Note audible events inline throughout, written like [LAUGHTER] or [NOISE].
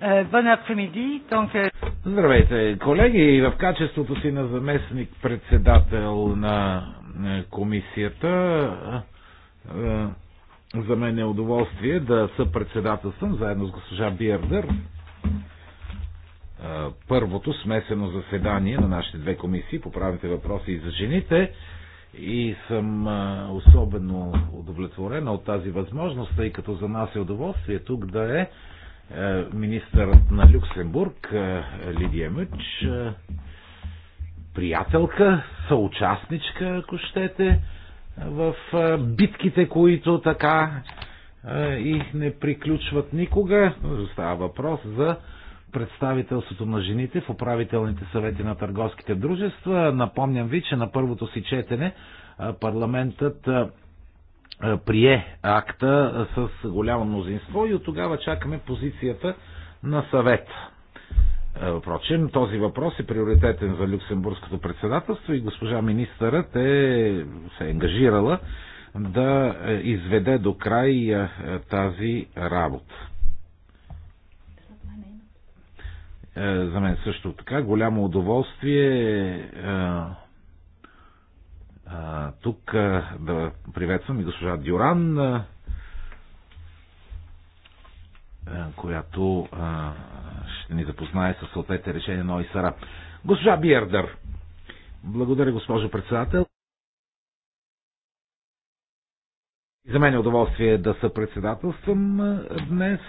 Е, е- Здравейте, колеги! В качеството си на заместник председател на комисията е, за мен е удоволствие да съпредседателствам заедно с госпожа Биердър първото смесено заседание на нашите две комисии по правните въпроси и за жените и съм особено удовлетворена от тази възможност, тъй като за нас е удоволствие тук да е е, министърът на Люксембург е, Лидия Мъч, е, приятелка, съучастничка, ако щете, в битките, които така и не приключват никога. Става въпрос за представителството на жените в управителните съвети на търговските дружества. Напомням ви, че на първото си четене парламентът е, прие акта с голямо мнозинство и от тогава чакаме позицията на съвета. Е, впрочем, този въпрос е приоритетен за Люксембургското председателство и госпожа министърът е, се е ангажирала да е, изведе до край тази работа. За мен също така голямо удоволствие а, тук а, да приветствам и госпожа Дюран, а, която а, ще ни запознае с съответните решения на ОИСАРА. Госпожа Биердър, благодаря госпожо председател. За мен е удоволствие да съпредседателствам днес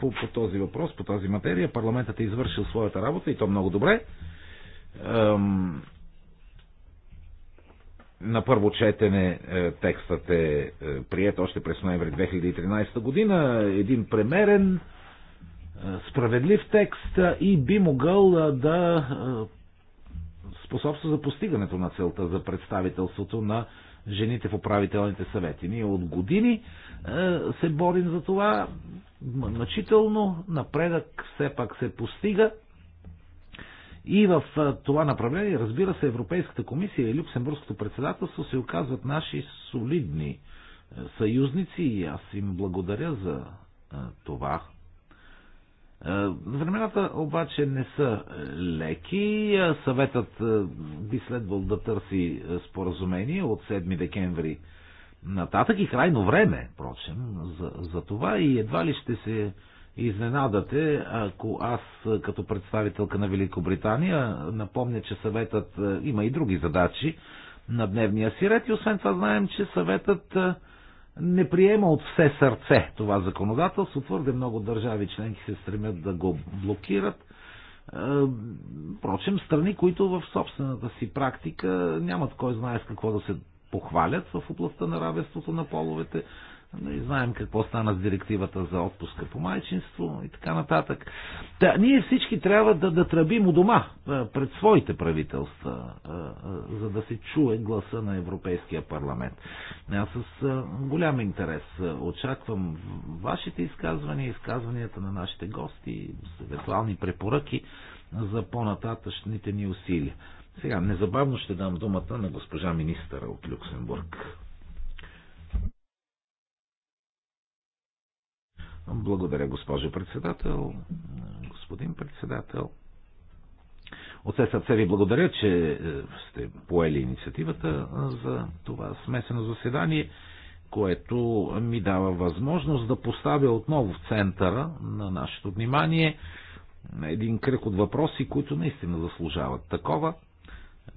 по, по този въпрос, по тази материя. Парламентът е извършил своята работа и то много добре. На първо четене е, текстът е, е прият още през ноември 2013 година. Един премерен, е, справедлив текст и би могъл да способства за постигането на целта за представителството на жените в управителните съвети. Ние от години се борим за това. Мъчително напредък все пак се постига и в това направление, разбира се, Европейската комисия и Люксембургското председателство се оказват наши солидни е, съюзници и аз им благодаря за е, това. Е, времената обаче не са леки. Съветът би следвал да търси споразумение от 7 декември нататък и крайно време, впрочем, за, за това и едва ли ще се изненадате, ако аз като представителка на Великобритания напомня, че съветът е, има и други задачи на дневния си ред и освен това знаем, че съветът е, не приема от все сърце това законодателство. Твърде много държави членки се стремят да го блокират. Е, впрочем, страни, които в собствената си практика нямат кой знае с какво да се похвалят в областта на равенството на половете, Нали, знаем какво стана с директивата за отпуска по майчинство и така нататък. Та, ние всички трябва да, да тръбим у дома пред своите правителства, за да се чуе гласа на Европейския парламент. Аз с голям интерес очаквам вашите изказвания, изказванията на нашите гости, евентуални препоръки за по-нататъчните ни усилия. Сега незабавно ще дам думата на госпожа министъра от Люксембург. Благодаря, госпожо председател, господин председател. От все сърце ви благодаря, че е, сте поели инициативата е, за това смесено заседание, което ми дава възможност да поставя отново в центъра на нашето внимание един кръг от въпроси, които наистина заслужават такова,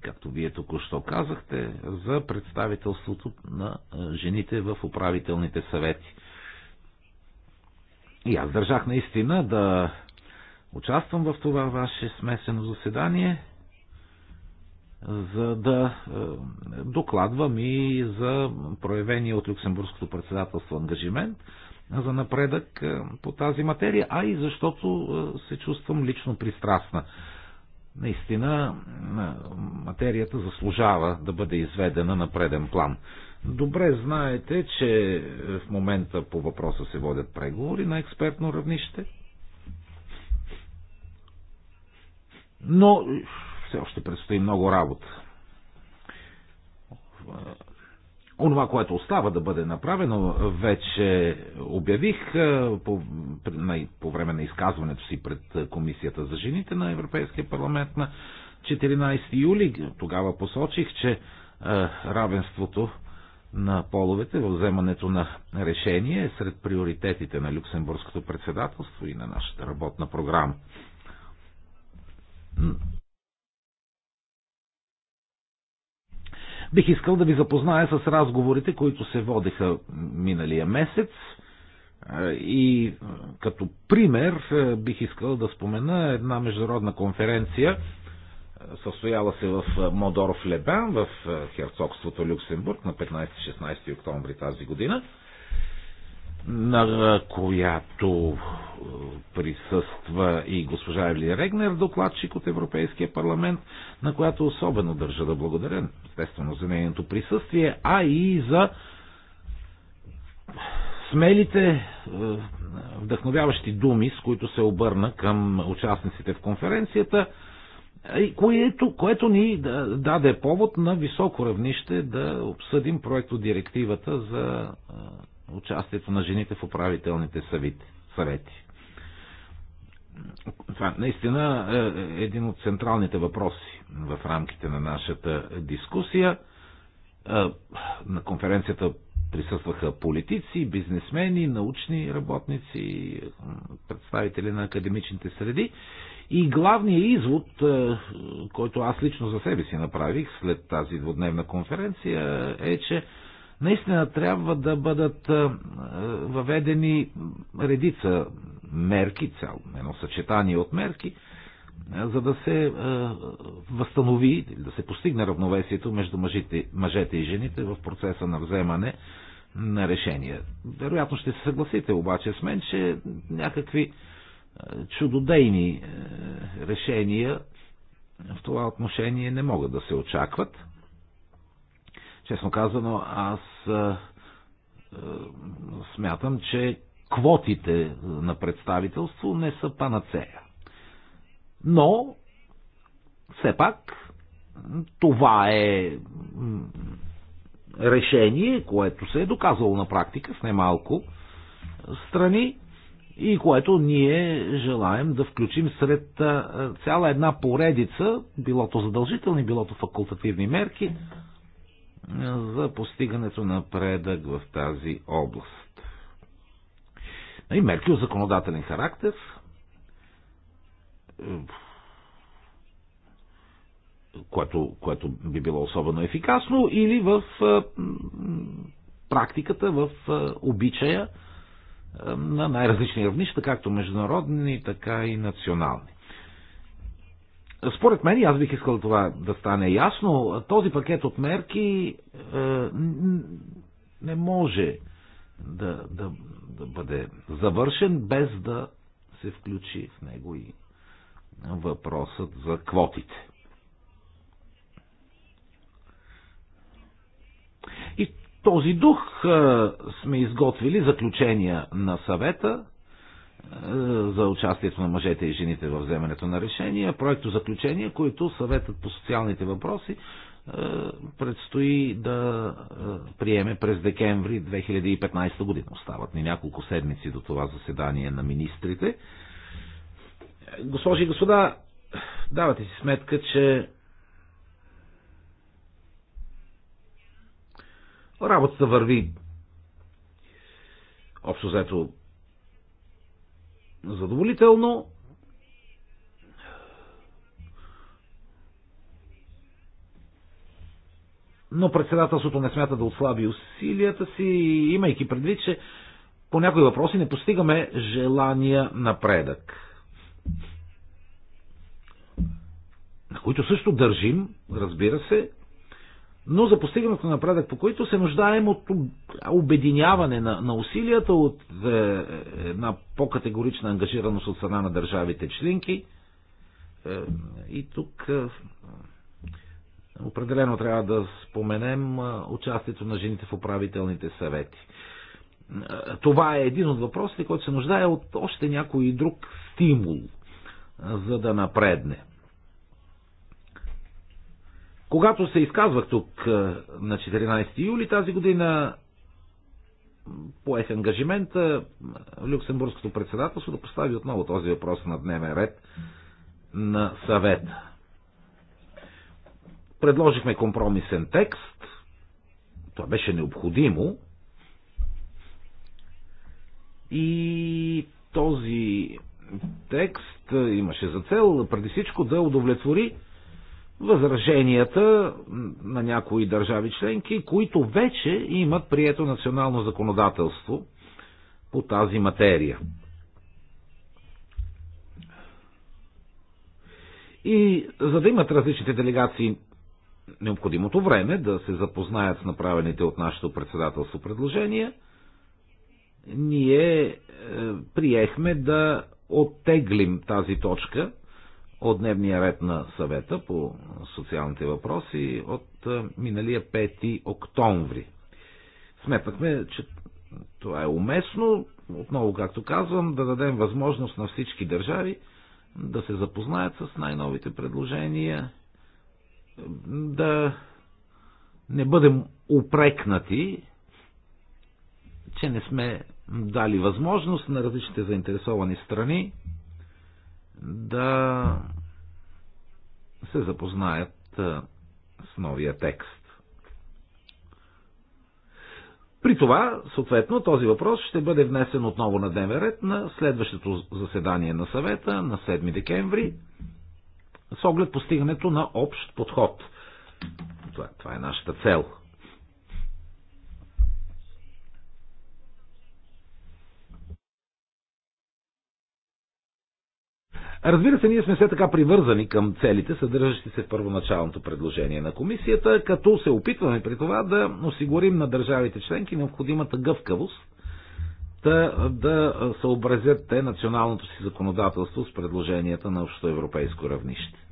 както вие току-що казахте, за представителството на е, жените в управителните съвети. И аз държах наистина да участвам в това ваше смесено заседание, за да е, докладвам и за проявение от Люксембургското председателство ангажимент за напредък е, по тази материя, а и защото е, се чувствам лично пристрастна. Наистина материята заслужава да бъде изведена на преден план. Добре знаете, че в момента по въпроса се водят преговори на експертно равнище. Но все още предстои много работа. Онова, което остава да бъде направено, вече обявих по, на, по време на изказването си пред Комисията за жените на Европейския парламент на 14 юли. Тогава посочих, че равенството на половете в вземането на решение е сред приоритетите на Люксембургското председателство и на нашата работна програма. Бих искал да ви запозная с разговорите, които се водеха миналия месец. И е, като пример е, бих искал да спомена една международна конференция, състояла се в Модоров Лебан, в херцогството Люксембург на 15-16 октомври тази година, на която присъства и госпожа Евлия Регнер, докладчик от Европейския парламент, на която особено държа да благодаря, естествено, за нейното присъствие, а и за смелите, вдъхновяващи думи, с които се обърна към участниците в конференцията – което, което ни даде повод на високо равнище да обсъдим проекто директивата за участието на жените в управителните съвети. Това наистина е, е един от централните въпроси в рамките на нашата дискусия. Е, на конференцията присъстваха политици, бизнесмени, научни работници, представители на академичните среди. И главният извод, е, който аз лично за себе си направих след тази двудневна конференция, е, че наистина трябва да бъдат е, въведени редица мерки, цял едно съчетание от мерки, е, за да се възстанови, да се постигне равновесието между мъжите, мъжете и жените в процеса на вземане на решения. Вероятно ще се съгласите обаче с мен, че някакви чудодейни е, решения в това отношение не могат да се очакват. Честно казано, аз е, е, смятам, че квотите на представителство не са панацея. Но, все пак, това е решение, което се е доказало на практика с немалко страни и което ние желаем да включим сред цяла една поредица, билото задължителни, билото факултативни мерки, за постигането на предък в тази област. И мерки от законодателен характер, което, което би било особено ефикасно, или в практиката, в обичая, е, на най-различни равнища, както международни, така и национални. Според мен, аз бих искал това да стане ясно, този пакет от мерки е, не може да, да, да бъде завършен без да се включи в него и въпросът за квотите. И този дух сме изготвили заключения на съвета за участието на мъжете и жените в вземането на решения, проекто заключения, които съветът по социалните въпроси предстои да приеме през декември 2015 година. Остават ни няколко седмици до това заседание на министрите. Госпожи и господа, давате си сметка, че Работата върви общо взето задоволително. Но председателството не смята да отслаби усилията си, имайки предвид, че по някои въпроси не постигаме желания напредък, на които също държим, разбира се, но за постигането на напредък, по който се нуждаем от обединяване на, на усилията, от е, е, една по-категорична ангажираност от страна на държавите членки. Е, и тук е, определено трябва да споменем е, участието на жените в управителните съвети. Е, това е един от въпросите, който се нуждае от още някой друг стимул, е, за да напредне. Когато се изказвах тук е, на 14 юли тази година, поех ангажимента е, Люксембургското председателство да постави отново този въпрос на дневен ред на съвет. Предложихме компромисен текст. Това беше необходимо. И този текст е, имаше за цел преди всичко да удовлетвори възраженията на някои държави членки, които вече имат прието национално законодателство по тази материя. И за да имат различните делегации необходимото време да се запознаят с направените от нашето председателство предложения, ние е, приехме да оттеглим тази точка от дневния ред на съвета по социалните въпроси от миналия 5 октомври. Сметнахме, че това е уместно, отново, както казвам, да дадем възможност на всички държави да се запознаят с най-новите предложения, да не бъдем упрекнати, че не сме дали възможност на различните заинтересовани страни да се запознаят с новия текст. При това, съответно, този въпрос ще бъде внесен отново на дневен ред на следващото заседание на съвета на 7 декември с оглед постигането на общ подход. Това, това е нашата цел – Разбира се, ние сме все така привързани към целите, съдържащи се в първоначалното предложение на комисията, като се опитваме при това да осигурим на държавите членки необходимата гъвкавост да, да съобразят те националното си законодателство с предложенията на общоевропейско равнище.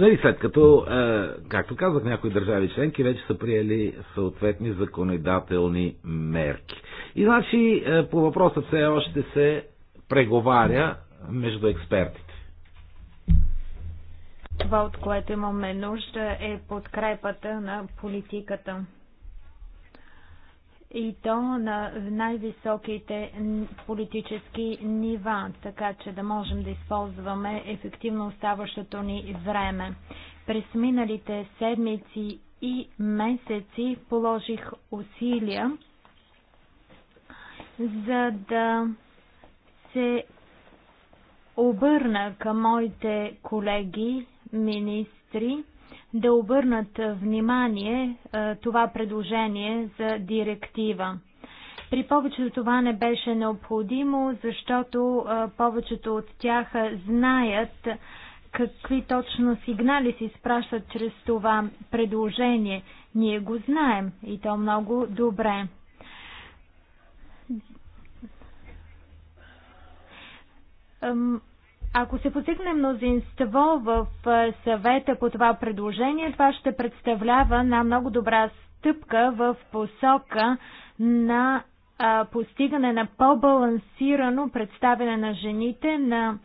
Нали, след като, е, както казах, някои държави членки вече са приели съответни законодателни мерки. И значи е, по въпроса все още се преговаря между експертите. Това, от което имаме нужда, е подкрепата на политиката и то на най-високите политически нива, така че да можем да използваме ефективно оставащото ни време. През миналите седмици и месеци положих усилия, за да се обърна към моите колеги министри да обърнат внимание е, това предложение за директива. При повечето това не беше необходимо, защото е, повечето от тях знаят какви точно сигнали се изпращат чрез това предложение. Ние го знаем и то много добре. Um, ако се постигне мнозинство в съвета по това предложение, това ще представлява на много добра стъпка в посока на а, постигане на по-балансирано представяне на жените на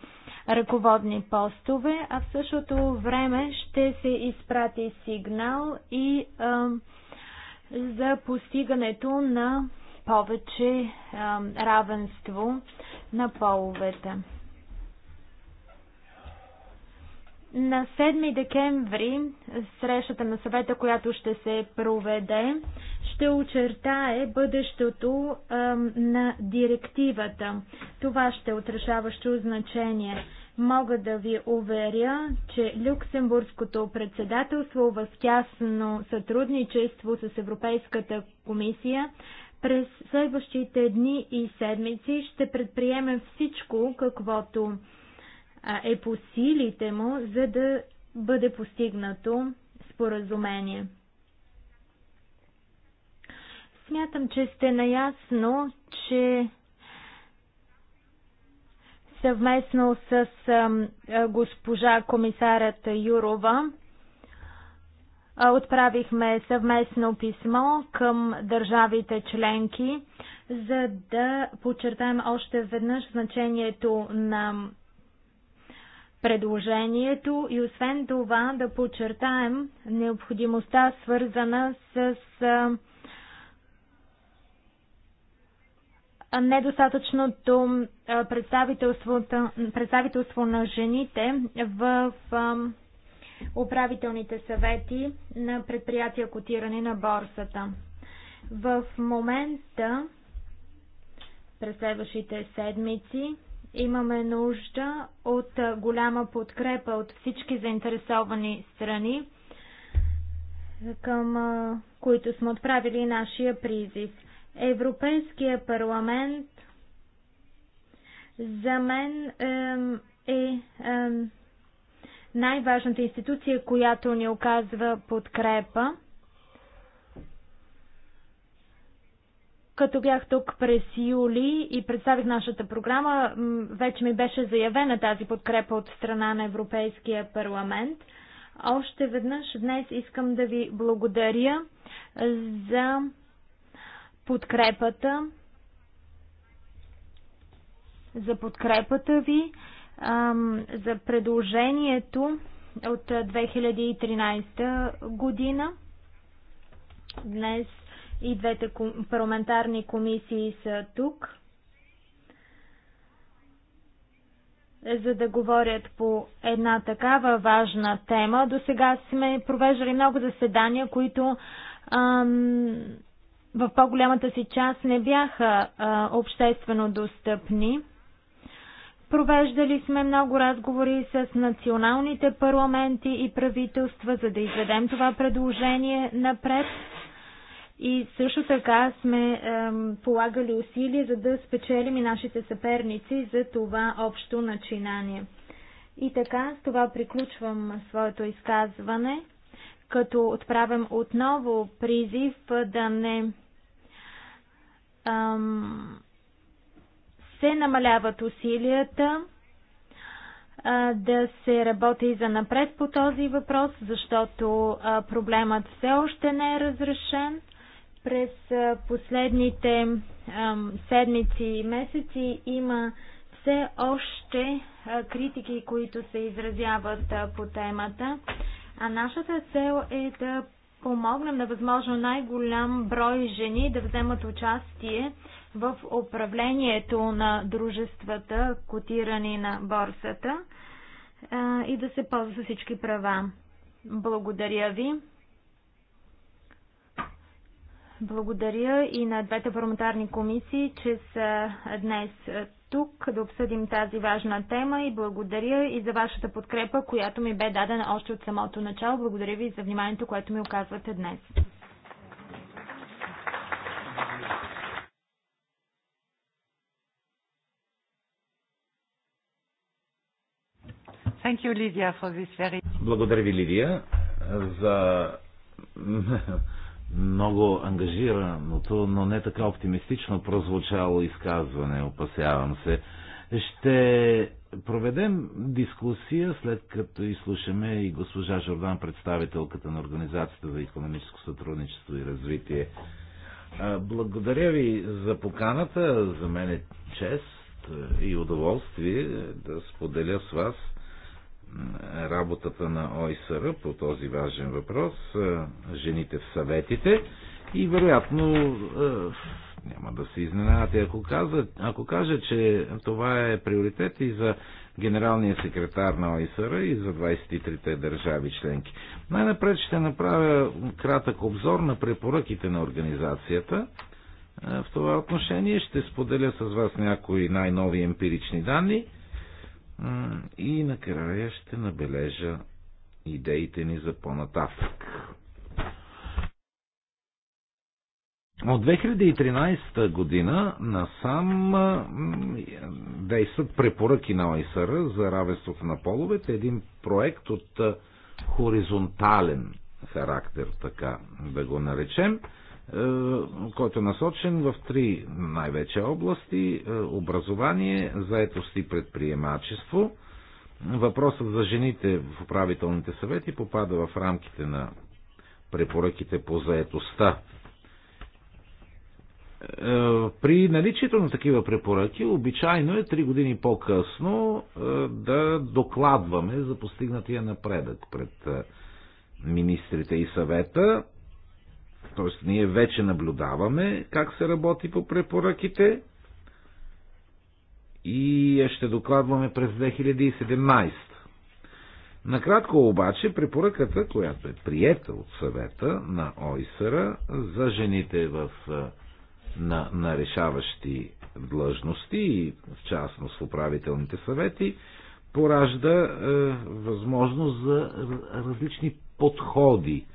ръководни постове, а в същото време ще се изпрати сигнал и а, за постигането на повече а, равенство на половете. На 7 декември срещата на съвета, която ще се проведе, ще очертае бъдещето ем, на директивата. Това ще е отрешаващо значение. Мога да ви уверя, че Люксембургското председателство в тясно сътрудничество с Европейската комисия през следващите дни и седмици ще предприеме всичко, каквото е по силите му, за да бъде постигнато споразумение. Смятам, че сте наясно, че съвместно с госпожа комисарът Юрова отправихме съвместно писмо към държавите членки, за да подчертаем още веднъж значението на предложението и освен това да подчертаем необходимостта свързана с недостатъчното представителство, представителство на жените в управителните съвети на предприятия котирани на борсата. В момента през следващите седмици Имаме нужда от голяма подкрепа от всички заинтересовани страни, към които сме отправили нашия призив. Европейския парламент за мен е, е най-важната институция, която ни оказва подкрепа. Като бях тук през юли и представих нашата програма, вече ми беше заявена тази подкрепа от страна на Европейския парламент. Още веднъж днес искам да ви благодаря за подкрепата, за подкрепата ви, за предложението от 2013 година. Днес и двете парламентарни комисии са тук, за да говорят по една такава важна тема. До сега сме провеждали много заседания, които ам, в по-голямата си част не бяха а, обществено достъпни. Провеждали сме много разговори с националните парламенти и правителства, за да изведем това предложение напред. И също така сме е, полагали усилия, за да спечелим и нашите съперници за това общо начинание. И така, с това приключвам своето изказване, като отправям отново призив да не ам, се намаляват усилията, а, да се работи за напред по този въпрос, защото а, проблемът все още не е разрешен през последните седмици и месеци има все още критики, които се изразяват по темата. А нашата цел е да помогнем на възможно най-голям брой жени да вземат участие в управлението на дружествата, котирани на борсата и да се ползва всички права. Благодаря ви. Благодаря и на двете парламентарни комисии, че са днес е, тук да обсъдим тази важна тема и благодаря и за вашата подкрепа, която ми бе дадена още от самото начало. Благодаря ви за вниманието, което ми оказвате днес. Thank you, Lydia, for this very... Благодаря ви, Лидия, за много ангажираното, но не така оптимистично прозвучало изказване, опасявам се. Ще проведем дискусия, след като изслушаме и госпожа Жордан, представителката на Организацията за економическо сътрудничество и развитие. Благодаря ви за поканата. За мен е чест и удоволствие да споделя с вас – работата на ОИСР по този важен въпрос, жените в съветите и вероятно няма да се изненадате, ако, ако кажа, че това е приоритет и за генералния секретар на ОИСР и за 23-те държави членки. Най-напред ще направя кратък обзор на препоръките на организацията. В това отношение ще споделя с вас някои най-нови емпирични данни – и накрая ще набележа идеите ни за по-нататък. От 2013 година насам действат препоръки на ОИСР за равенството на половете. Един проект от хоризонтален характер, така да го наречем. Е, който е насочен в три най-вече области е, образование, заетост и предприемачество. Въпросът за жените в управителните съвети попада в рамките на препоръките по заетостта. Е, при наличието на такива препоръки обичайно е три години по-късно да докладваме за постигнатия напредък пред министрите и съвета т.е. ние вече наблюдаваме как се работи по препоръките и ще докладваме през 2017. Накратко обаче, препоръката, която е приета от съвета на ОИСР за жените в, на, на решаващи длъжности и в частност в управителните съвети, поражда е, възможност за различни подходи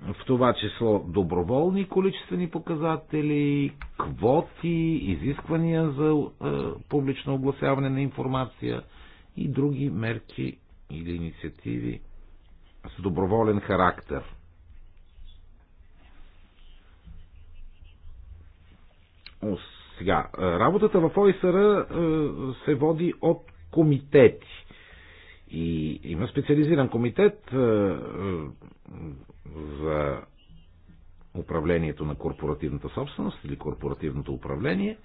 в това число доброволни количествени показатели, квоти, изисквания за е, публично огласяване на информация и други мерки или инициативи с доброволен характер. О, сега, работата в ОИСР е, се води от комитети. И има специализиран комитет, е, е за управлението на корпоративната собственост или корпоративното управление.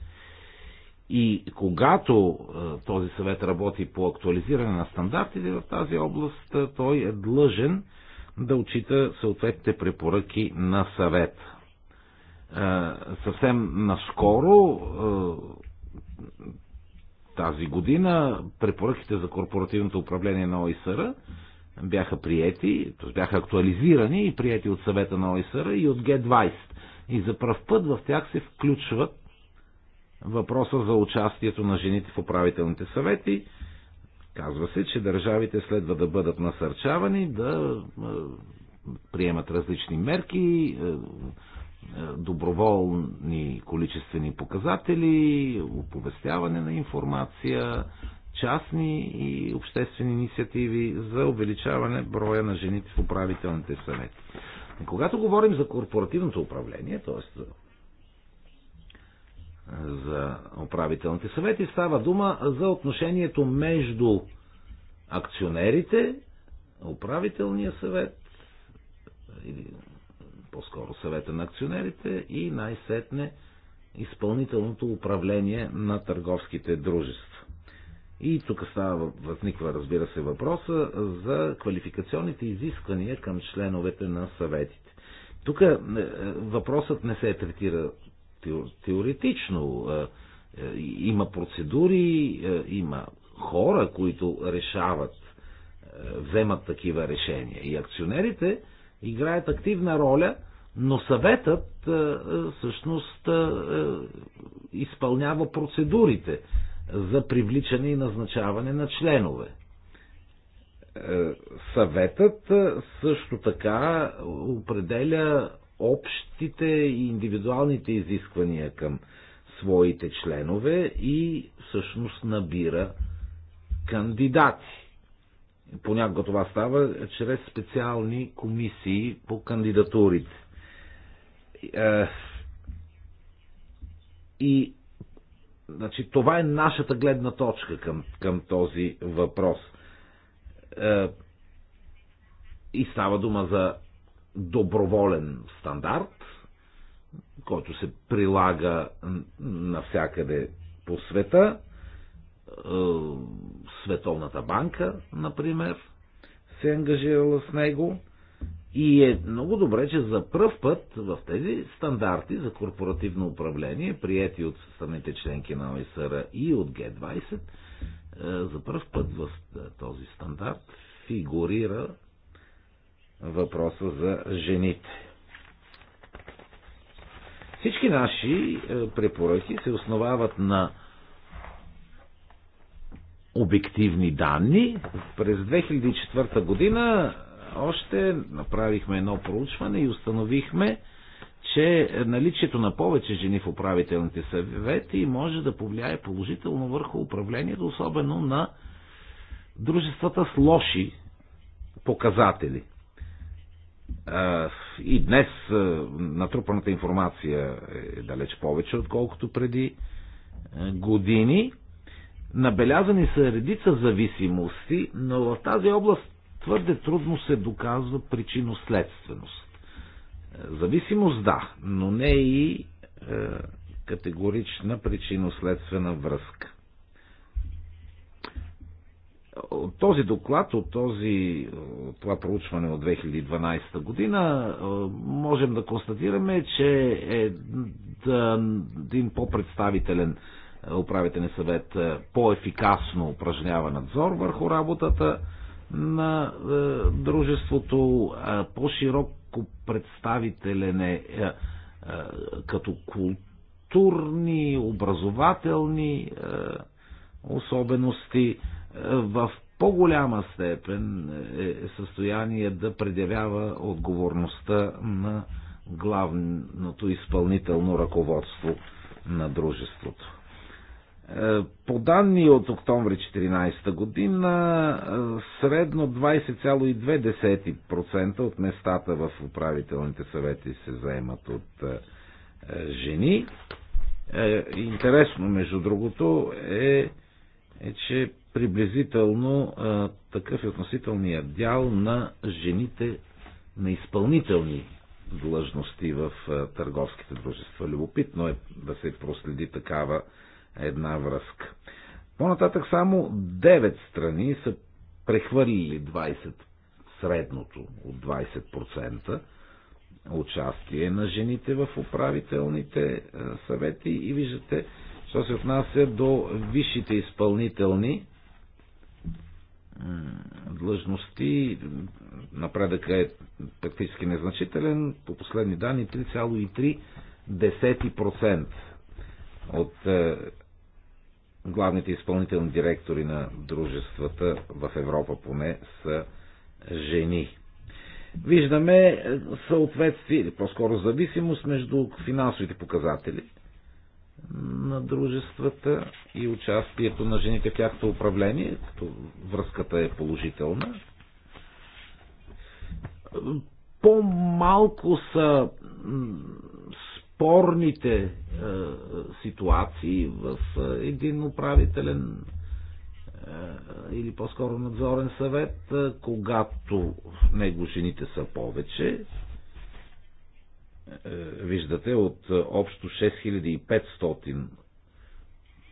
И когато е, този съвет работи по актуализиране на стандартите в тази област, е, той е длъжен да отчита съответните препоръки на съвет. Е, съвсем наскоро тази година препоръките за корпоративното управление на ОИСР бяха приети, т.е. бяха актуализирани и приети от съвета на ОИСР и от Г-20. И за пръв път в тях се включват въпроса за участието на жените в управителните съвети. Казва се, че държавите следва да бъдат насърчавани да е, приемат различни мерки, е, е, доброволни количествени показатели, оповестяване на информация, частни и обществени инициативи за увеличаване броя на жените в управителните съвети. И когато говорим за корпоративното управление, т.е. за за управителните съвети, става дума за отношението между акционерите, управителния съвет, или по-скоро съвета на акционерите и най-сетне изпълнителното управление на търговските дружества. И тук става, възниква, разбира се, въпроса за квалификационните изисквания към членовете на съветите. Тук е, е, въпросът не се третира теоретично. Е, има процедури, има хора, които решават, вземат такива решения. И акционерите играят активна роля, но съветът всъщност изпълнява процедурите за привличане и назначаване на членове. Е, съветът е, също така определя общите и индивидуалните изисквания към своите членове и всъщност набира кандидати. Понякога това става чрез специални комисии по кандидатурите. Е, и Значи, това е нашата гледна точка към, към този въпрос. Е, и става дума за доброволен стандарт, който се прилага навсякъде по света. Е, Световната банка, например, се е ангажирала с него и е много добре, че за пръв път в тези стандарти за корпоративно управление, прияти от самите членки на ОСР и от Г-20, е, за първ път в е, този стандарт фигурира въпроса за жените. Всички наши е, препоръки се основават на обективни данни. През 2004 година още направихме едно проучване и установихме, че наличието на повече жени в управителните съвети може да повлияе положително върху управлението, особено на дружествата с лоши показатели. И днес натрупаната информация е далеч повече, отколкото преди години. Набелязани са редица зависимости, но в тази област твърде трудно се доказва причинно-следственост. Е, зависимост да, но не и е, категорична причинно-следствена връзка. От този доклад, от, този, от това проучване от 2012 година, е, можем да констатираме, че един по-представителен управителен съвет е, по-ефикасно упражнява надзор върху работата на е, дружеството, е, по-широко представителен е, е като културни, образователни особености в по-голяма степен е състояние да предявява отговорността на главното изпълнително ръководство на дружеството. Е, по данни от октомври 2014 година, е, средно 20,2% от местата в управителните съвети се заемат от е, жени. Интересно, между другото, е, е че приблизително такъв е относителният дял на жените на изпълнителни длъжности в търговските дружества. Любопитно е да се проследи такава една връзка. По-нататък само 9 страни са прехвърлили 20, средното от 20% участие на жените в управителните е, съвети и виждате, що се отнася до висшите изпълнителни е, длъжности, напредъка е практически незначителен. По последни данни 3,3% от е, главните изпълнителни директори на дружествата в Европа поне са жени. Виждаме е, съответствие или по-скоро зависимост между финансовите показатели на дружествата и участието на жените в тяхното управление, като връзката е положителна. По-малко са спорните е, ситуации в е, един управителен е, или по-скоро надзорен съвет, когато в него жените са повече, виждате от общо 6500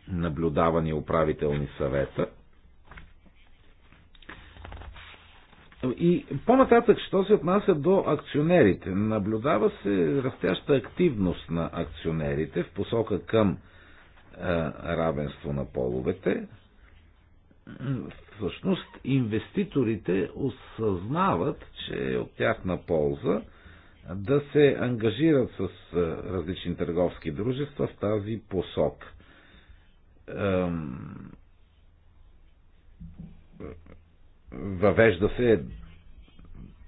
наблюдавани управителни съвета – И по-нататък, що се отнася до акционерите? Наблюдава се растяща активност на акционерите в посока към е, равенство на половете. Всъщност, инвеститорите осъзнават, че е от тяхна полза да се ангажират с е, различни търговски дружества в тази посок въвежда се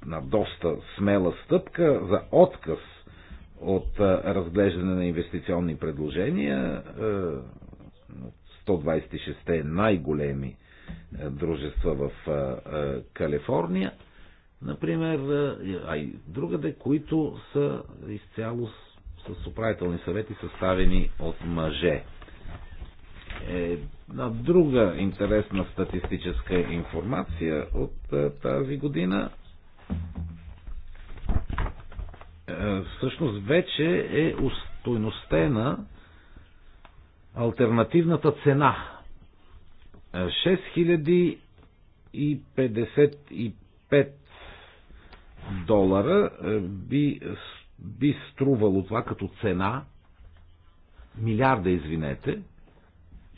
на доста смела стъпка за отказ от разглеждане на инвестиционни предложения 126-те най-големи дружества в Калифорния, например, а и другаде, които са изцяло с управителни съвети съставени от мъже. Е, на друга интересна статистическа информация от е, тази година е, всъщност вече е устойностена альтернативната цена. 6055 е, долара би, би струвало това като цена, милиарда, извинете,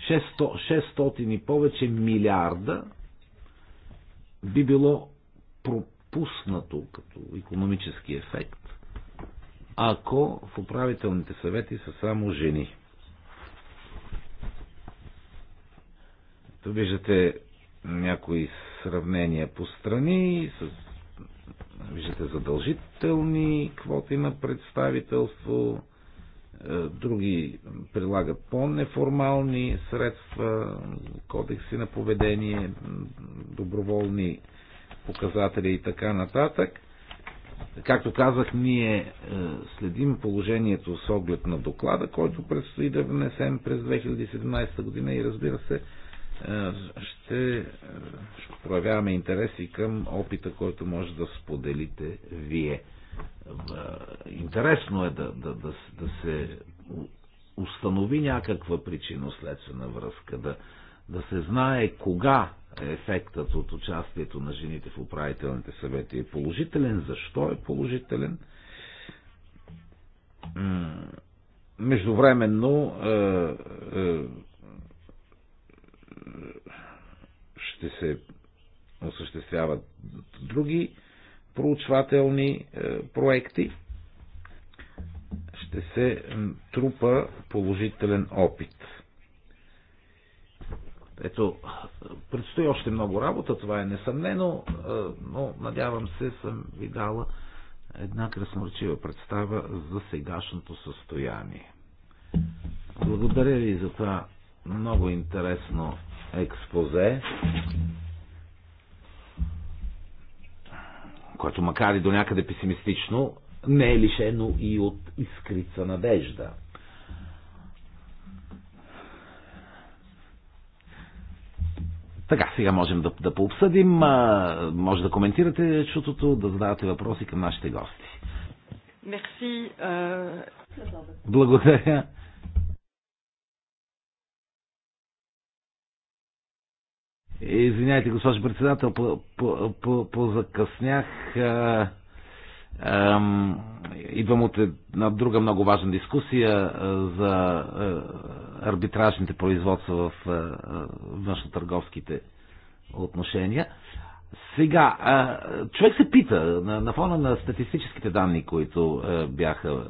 600, 600 и повече милиарда би било пропуснато като економически ефект, ако в управителните съвети са само жени. То виждате някои сравнения по страни с виждате задължителни квоти на представителство, е, други прилагат по-неформални средства, кодекси на поведение, доброволни показатели и така нататък. Както казах, ние е, следим положението с оглед на доклада, който предстои да внесем през 2017 година и разбира се, е, ще, ще проявяваме интереси към опита, който може да споделите вие. Е, интересно е да, да, да, да се установи някаква причинно-следствена връзка, да, да се знае кога е ефектът от участието на жените в управителните съвети е положителен, защо е положителен. Междувременно е, е, ще се осъществяват други проучвателни е, проекти, ще се трупа положителен опит. Ето, предстои още много работа, това е несъмнено, е, но надявам се съм ви дала една красноречива представа за сегашното състояние. Благодаря ви за това много интересно експозе. което макар и до някъде песимистично, не е лишено и от искрица надежда. Така, сега можем да, да пообсъдим, а, може да коментирате чутото, да задавате въпроси към нашите гости. Мерси. Благодаря. Е, Извинявайте, госпожо председател, по, по, по, А, а, идвам от една друга много важна дискусия за а, арбитражните производства в външно-търговските отношения. Сега, човек се пита на, на фона на статистическите данни, които бяха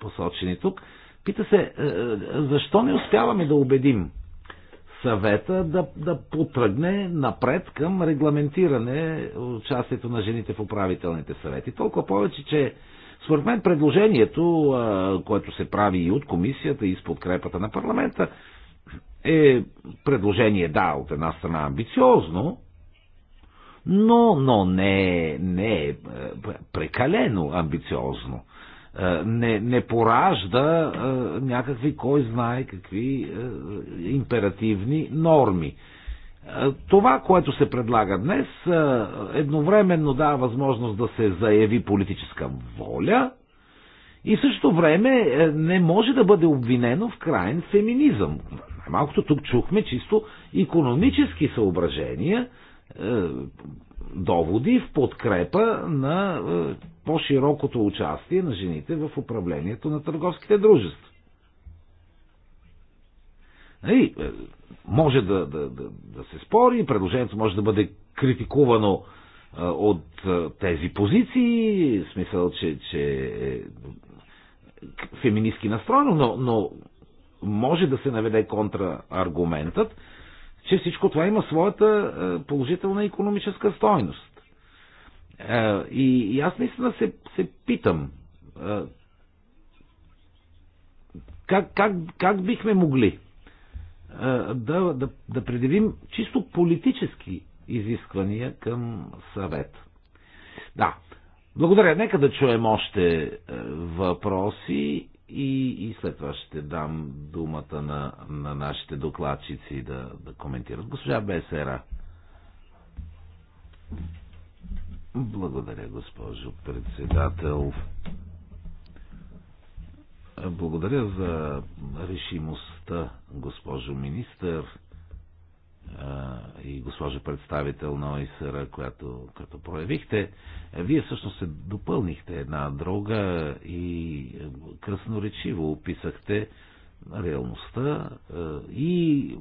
посочени тук, пита се защо не успяваме да убедим съвета да, да потръгне напред към регламентиране участието на жените в управителните съвети. Толкова повече, че според мен предложението, което се прави и от комисията, и с подкрепата на парламента, е предложение, да, от една страна амбициозно, но, но не, не е прекалено амбициозно. Е, не, не поражда е, някакви, кой знае какви е, императивни норми. Това, което се предлага днес, едновременно дава възможност да се заяви политическа воля и в същото време не може да бъде обвинено в крайен феминизъм. Най-малкото тук чухме чисто економически съображения, доводи в подкрепа на е, по-широкото участие на жените в управлението на търговските дружества. И, нали, е, може да, да, да, да се спори, предложението може да бъде критикувано е, от тези позиции, в смисъл, че, че е феминистки настроено, но, но може да се наведе контрааргументът, че всичко това има своята е, положителна економическа стойност. Е, и, аз наистина се, се питам е, как, как, как бихме могли да, да, да предявим чисто политически изисквания към съвет. Да. Благодаря. Нека да чуем още въпроси и, и след това ще дам думата на, на нашите докладчици да, да коментират. Госпожа Бесера. Благодаря, госпожо председател. Благодаря за решимостта, госпожо министър и госпожа представител на ОИСР, която, която проявихте, вие всъщност се допълнихте една друга и красноречиво описахте реалността и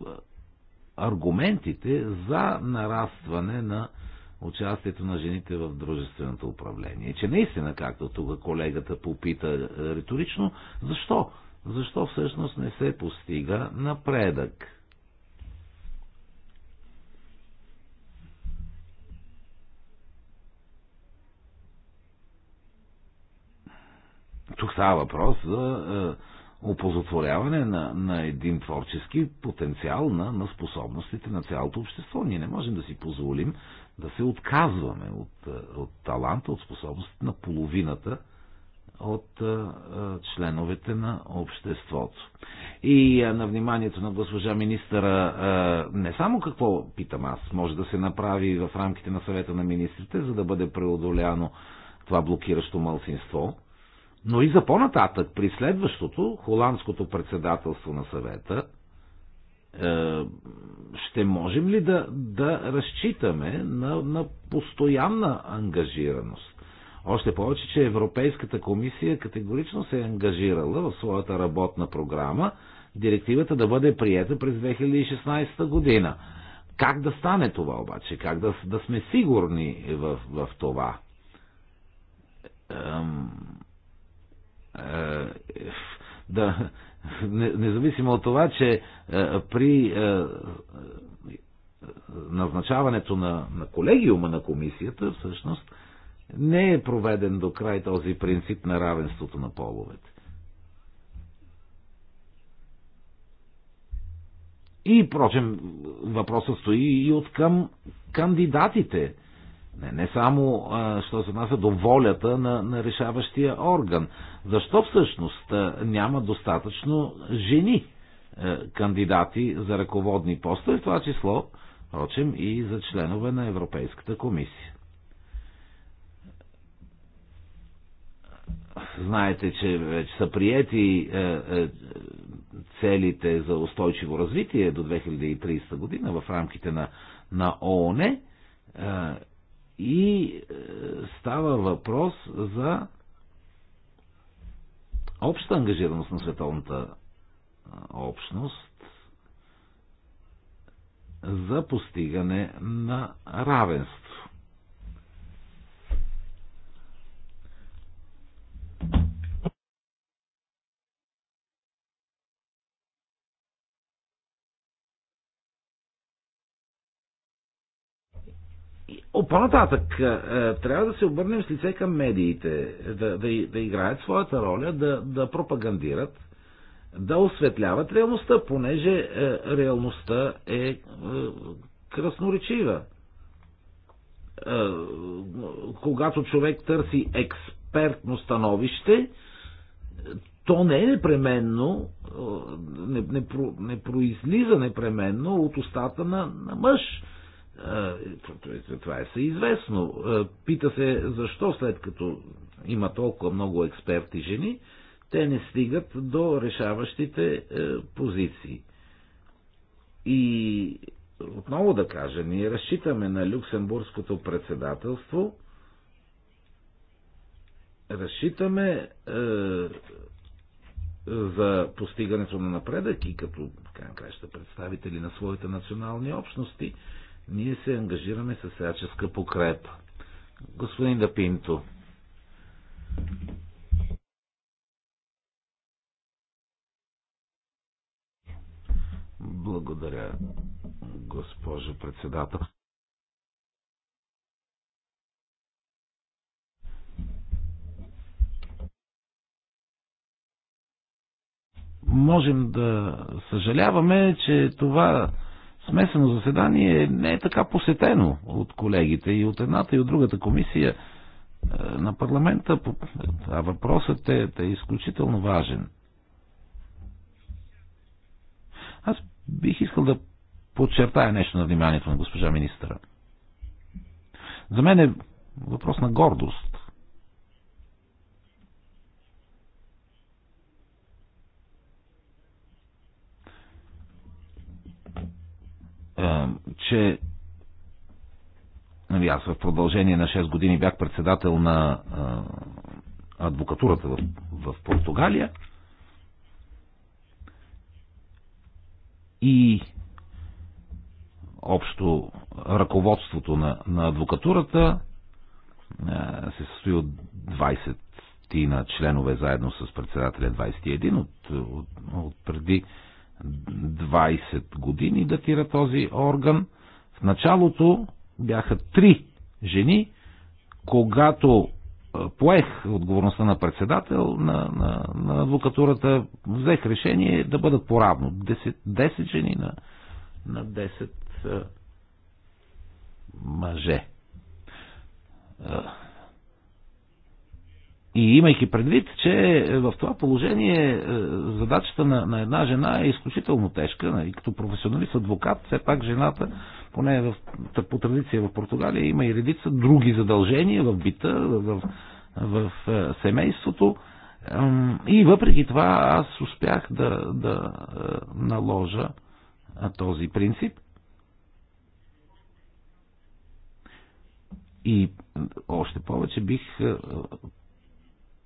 аргументите за нарастване на участието на жените в дружественото управление. Че наистина, както тук колегата попита е, риторично, защо? Защо всъщност не се постига напредък? Тук става въпрос за е, опозотворяване на, на един творчески потенциал на, на способностите на цялото общество. Ние не можем да си позволим да се отказваме от, е, от таланта, от способностите на половината от а, е, членовете на обществото. И а, на вниманието на госпожа министъра а, не само какво питам аз, може да се направи в рамките на съвета на министрите, за да бъде преодоляно това блокиращо малцинство, но и за по-нататък, при следващото холандското председателство на съвета, е, ще можем ли да, да разчитаме на, на постоянна ангажираност? Още повече, че Европейската комисия категорично се е ангажирала в своята работна програма директивата да бъде приета през 2016 година. Как да стане това обаче? Как да, да сме сигурни в, в това? Ем, е, да, независимо от това, че е, при е, назначаването на, на колегиума на комисията, всъщност, не е проведен до край този принцип на равенството на половете. И, прочем, въпросът стои и от към кандидатите. Не, не само, а, що се отнася до волята на, на решаващия орган. Защо всъщност няма достатъчно жени кандидати за ръководни постове, в това число, впрочем, и за членове на Европейската комисия? Знаете, че вече са приети целите за устойчиво развитие до 2030 година в рамките на, на ООН и става въпрос за Общата ангажираност на световната общност за постигане на равенство О, по-нататък е, е, трябва да се обърнем с лице към медиите, да, да, да играят своята роля, да, да пропагандират, да осветляват реалността, понеже е, реалността е, красноречива. когато човек търси експертно становище, то не е непременно, не, не, не произлиза непременно от устата на, на мъж е, това е съизвестно. Е, пита се защо след като има толкова много експерти жени, те не стигат до решаващите е, позиции. И отново да кажа, ние разчитаме на Люксембургското председателство, разчитаме е, за постигането на напредък и като краща представители на своите национални общности, ние се ангажираме с всяческа покрепа. Господин Дапинто. Благодаря, госпожо председател. Можем да съжаляваме, че това смесено заседание не е така посетено от колегите и от едната и от другата комисия е, на парламента, а въпросът е, е изключително важен. Аз бих искал да подчертая нещо на вниманието на госпожа министра. За мен е въпрос на гордост Е, че нали, аз в продължение на 6 години бях председател на е, адвокатурата в, в Португалия и общо ръководството на, на адвокатурата е, се състои от 20 на членове заедно с председателя 21 от, от, от преди 20 години датира този орган. В началото бяха три жени, когато поех отговорността на председател на, на, на адвокатурата, взех решение да бъдат поравно. 10, 10 жени на, на 10 мъже. И имайки предвид, че в това положение е, задачата на, на една жена е изключително тежка. Нали, и като професионалист, адвокат, все пак жената, поне в, по традиция в Португалия, има и редица други задължения в бита, в, в, в е, семейството. И въпреки това аз успях да, да е, наложа този принцип. И още повече бих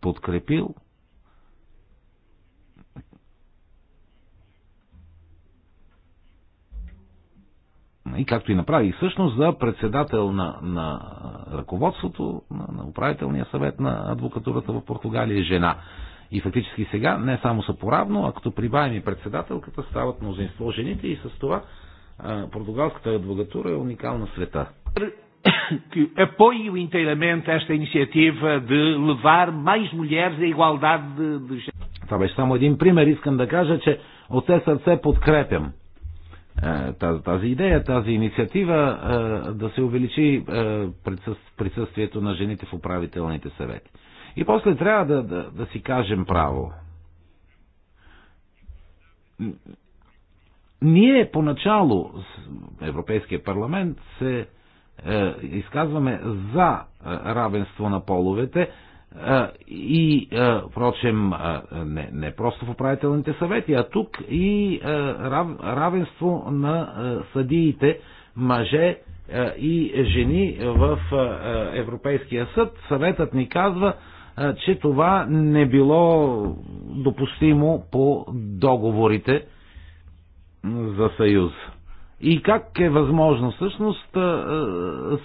подкрепил. И както и направи всъщност за председател на, на ръководството, на, на управителния съвет на адвокатурата в Португалия е жена. И фактически сега не само са поравно, а като прибавим и председателката, стават мнозинство жените и с това а, португалската адвокатура е уникална света. [COUGHS] que apoio inteiramente esta iniciativa de levar mais mulheres à igualdade de, de... Това беше само един пример. Искам да кажа, че от все сърце подкрепям тази, тази идея, тази инициатива да се увеличи присъствието на жените в управителните съвети. И после трябва да, да, да си кажем право. Ние поначало, Европейския парламент, се е, изказваме за е, равенство на половете е, и, впрочем, не, не просто в управителните съвети, а тук и равенство на съдиите, мъже и жени в Европейския съд. Съветът ни казва, че това не било допустимо по договорите за Съюз и как е възможно всъщност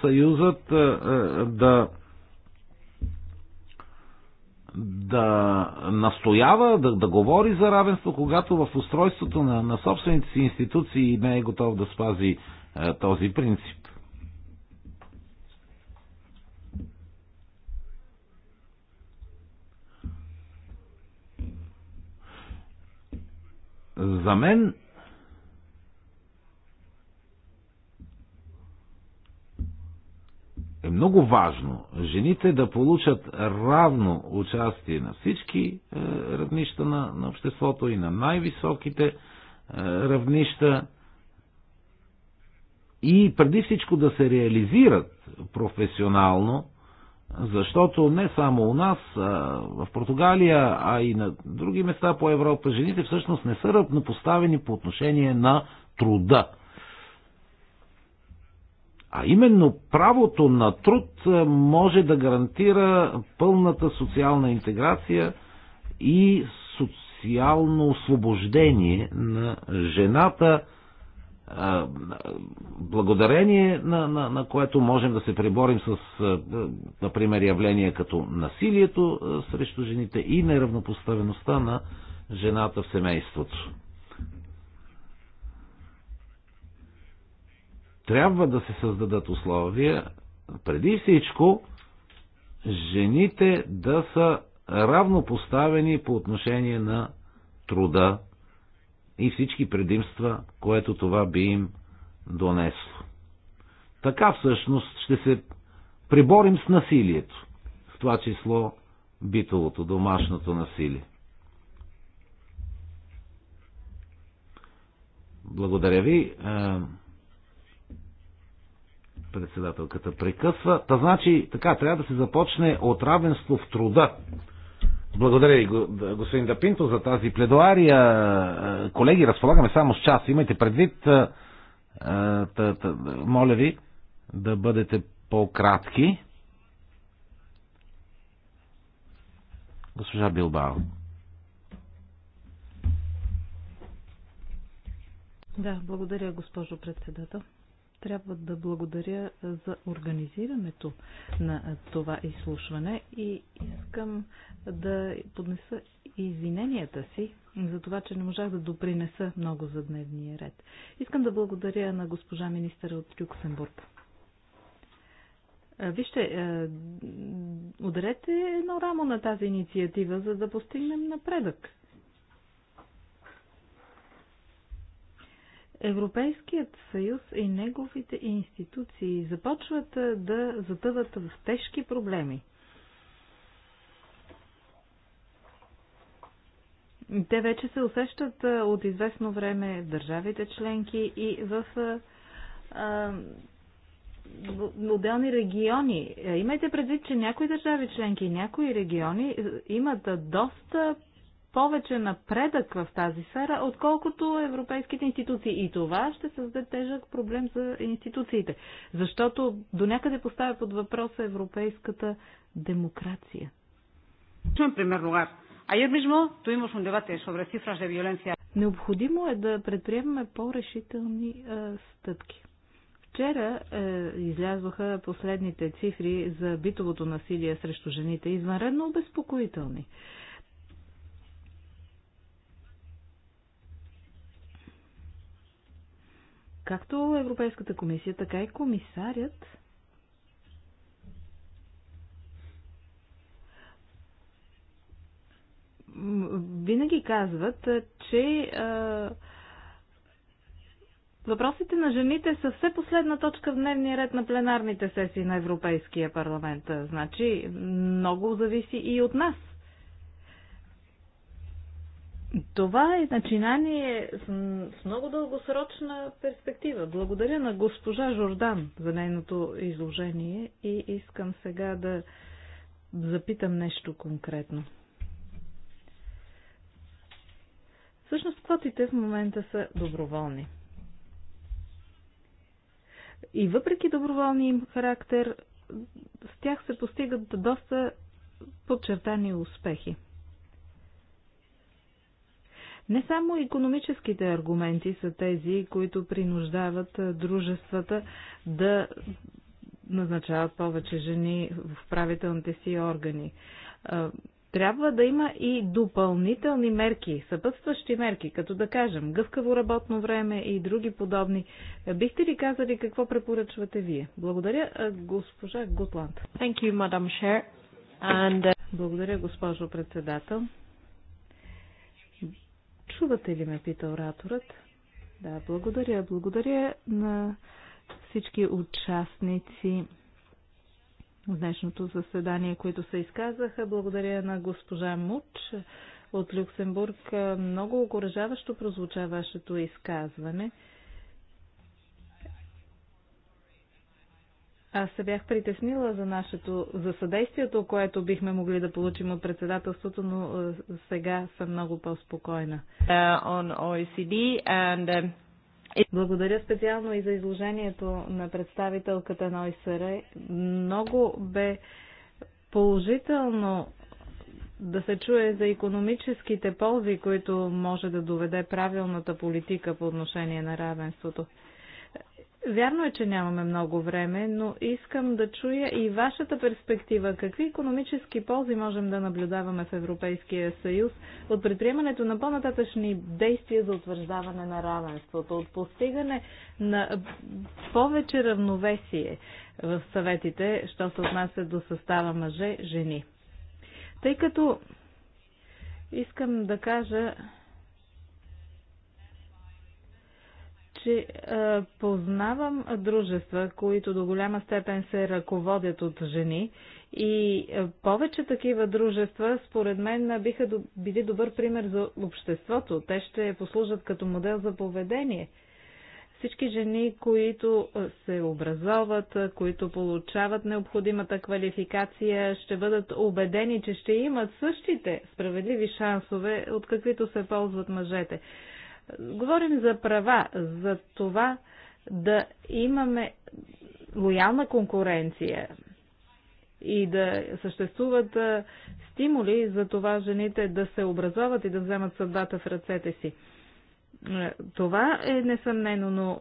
съюзът да да настоява, да, да говори за равенство, когато в устройството на, на собствените си институции не е готов да спази е, този принцип. За мен е много важно жените да получат равно участие на всички е, равнища на, на обществото и на най-високите е, равнища и преди всичко да се реализират професионално, защото не само у нас, в Португалия, а и на други места по Европа, жените всъщност не са равнопоставени по отношение на труда а именно правото на труд е, може да гарантира пълната социална интеграция и социално освобождение на жената, е, благодарение на, на, на което можем да се преборим с, е, например, явления като насилието срещу жените и неравнопоставеността на жената в семейството. трябва да се създадат условия, преди всичко, жените да са равнопоставени по отношение на труда и всички предимства, което това би им донесло. Така всъщност ще се приборим с насилието, в това число битовото, домашното насилие. Благодаря ви. Е, Председателката прекъсва. Та значи, така, трябва да се започне от равенство в труда. Благодаря ви, господин Дапинто, за тази пледуария. Е, колеги, разполагаме само с час. Имайте предвид, е, е, моля ви, да бъдете по-кратки. Госпожа Билбао. Да, благодаря, госпожо председател. Трябва да благодаря за организирането на това изслушване и искам да поднеса извиненията си за това, че не можах да допринеса много за дневния ред. Искам да благодаря на госпожа министъра от Люксембург. Вижте, ударете едно рамо на тази инициатива, за да постигнем напредък. Европейският съюз и неговите институции започват да затъват в тежки проблеми. Те вече се усещат от известно време държавите членки и в а, отделни региони. Имайте предвид, че някои държави членки и някои региони имат доста повече напредък в тази сфера, отколкото европейските институции. И това ще създаде тежък проблем за институциите, защото до някъде поставя под въпроса европейската демокрация. En primer А мисмо, mismo имаш на debate sobre cifras de violencia. Необходимо е да предприемаме по-решителни стъпки. Вчера е, излязоха последните цифри за битовото насилие срещу жените, извънредно обезпокоителни. Както Европейската комисия, така и комисарят винаги казват, че а, въпросите на жените са все последна точка в дневния ред на пленарните сесии на Европейския парламент. Значи много зависи и от нас. Това е начинание с много дългосрочна перспектива. Благодаря на госпожа Жордан за нейното изложение и искам сега да запитам нещо конкретно. Всъщност квотите в момента са доброволни. И въпреки доброволния им характер, с тях се постигат доста подчертани успехи. Не само економическите аргументи са тези, които принуждават дружествата да назначават повече жени в правителните си органи. Трябва да има и допълнителни мерки, съпътстващи мерки, като да кажем гъвкаво работно време и други подобни. Бихте ли казали какво препоръчвате вие? Благодаря, госпожа Гутланд. Uh, Благодаря, госпожо председател. Чувате ли ме, пита ораторът? Да, благодаря. Благодаря на всички участници в днешното заседание, които се изказаха. Благодаря на госпожа Муч от Люксембург. Много окоръжаващо прозвуча вашето изказване. Аз се бях притеснила за нашето, за съдействието, което бихме могли да получим от председателството, но е, сега съм много по-спокойна. Uh, e uh, Благодаря специално и за изложението на представителката на ОСР. Много бе положително да се чуе за економическите ползи, които може да доведе правилната политика по отношение на равенството. Вярно е, че нямаме много време, но искам да чуя и вашата перспектива. Какви економически ползи можем да наблюдаваме в Европейския съюз от предприемането на по-нататъчни действия за утвърждаване на равенството, от постигане на повече равновесие в съветите, що се отнася до състава мъже-жени? Тъй като искам да кажа, че е, познавам дружества, които до голяма степен се ръководят от жени и е, повече такива дружества, според мен, биха до, били добър пример за обществото. Те ще послужат като модел за поведение. Всички жени, които е, се образоват, които получават необходимата квалификация, ще бъдат убедени, че ще имат същите справедливи шансове, от каквито се ползват мъжете. Говорим за права, за това да имаме лоялна конкуренция и да съществуват стимули за това жените да се образоват и да вземат съдбата в ръцете си. Е, това е несъмнено, но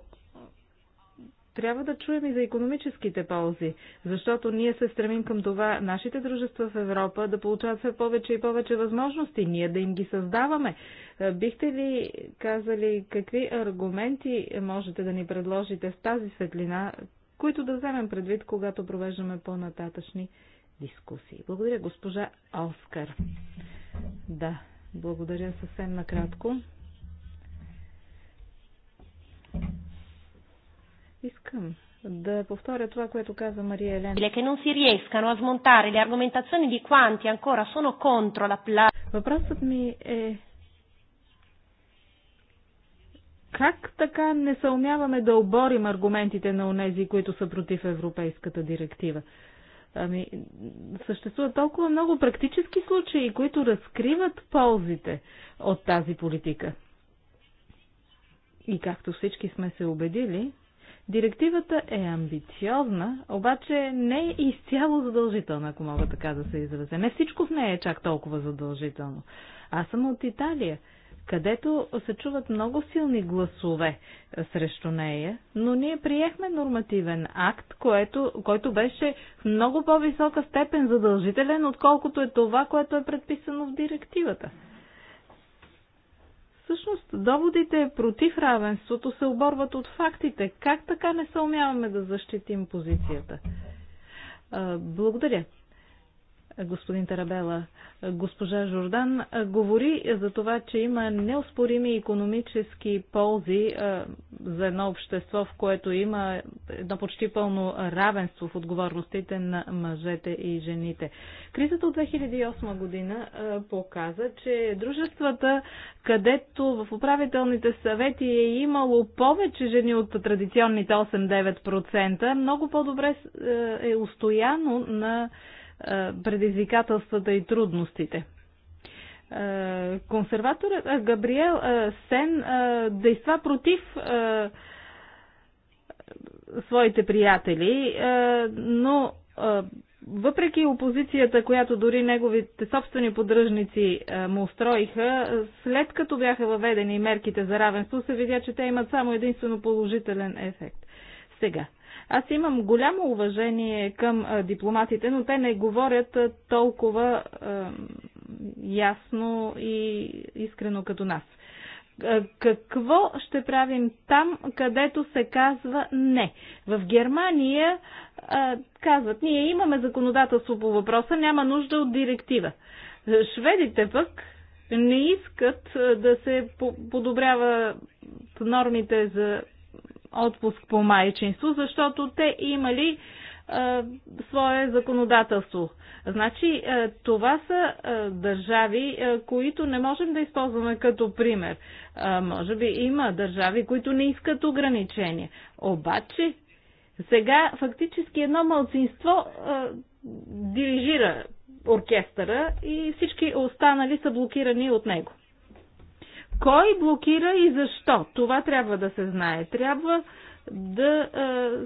трябва да чуем и за економическите ползи, защото ние се стремим към това нашите дружества в Европа да получават все повече и повече възможности, ние да им ги създаваме. Е, бихте ли казали какви аргументи можете да ни предложите в тази светлина, които да вземем предвид, когато провеждаме по-нататъчни дискусии? Благодаря, госпожа Оскар. Да, благодаря съвсем накратко. Искам да повторя това, което каза Мария Елена. Въпросът ми е как така не съумяваме да оборим аргументите на онези, които са против Европейската директива? Ами, съществуват толкова много практически случаи, които разкриват ползите от тази политика. И както всички сме се убедили, Директивата е амбициозна, обаче не е изцяло задължителна, ако мога така да се изразя. Не всичко в нея е чак толкова задължително. Аз съм от Италия, където се чуват много силни гласове срещу нея, но ние приехме нормативен акт, което, който беше в много по-висока степен задължителен, отколкото е това, което е предписано в директивата. Всъщност, доводите против равенството се оборват от фактите. Как така не съумяваме да защитим позицията? Благодаря господин Тарабела. Госпожа Жордан говори за това, че има неоспорими економически ползи за едно общество, в което има едно почти пълно равенство в отговорностите на мъжете и жените. Кризата от 2008 година показа, че дружествата, където в управителните съвети е имало повече жени от традиционните 8-9%, много по-добре е устояно на е, предизвикателствата и трудностите. Е, консерваторът е, Габриел Сен действа против своите приятели, но въпреки опозицията, която дори неговите собствени поддръжници му устроиха, след като бяха въведени мерките за равенство, се видя, че те имат само единствено положителен ефект. Сега, аз имам голямо уважение към дипломатите, но те не говорят толкова ясно и искрено като нас. Какво ще правим там, където се казва не? В Германия казват, ние имаме законодателство по въпроса, няма нужда от директива. Шведите пък не искат да се подобряват нормите за отпуск по майчинство, защото те имали а, е, свое законодателство. Значи, а, е, това са а, е, държави, а, които не можем да използваме като пример. А, може би има държави, които не искат ограничения. Обаче, сега фактически едно мълцинство а, дирижира оркестъра и всички останали са блокирани от него. Кой блокира и защо? Това трябва да се знае. Трябва да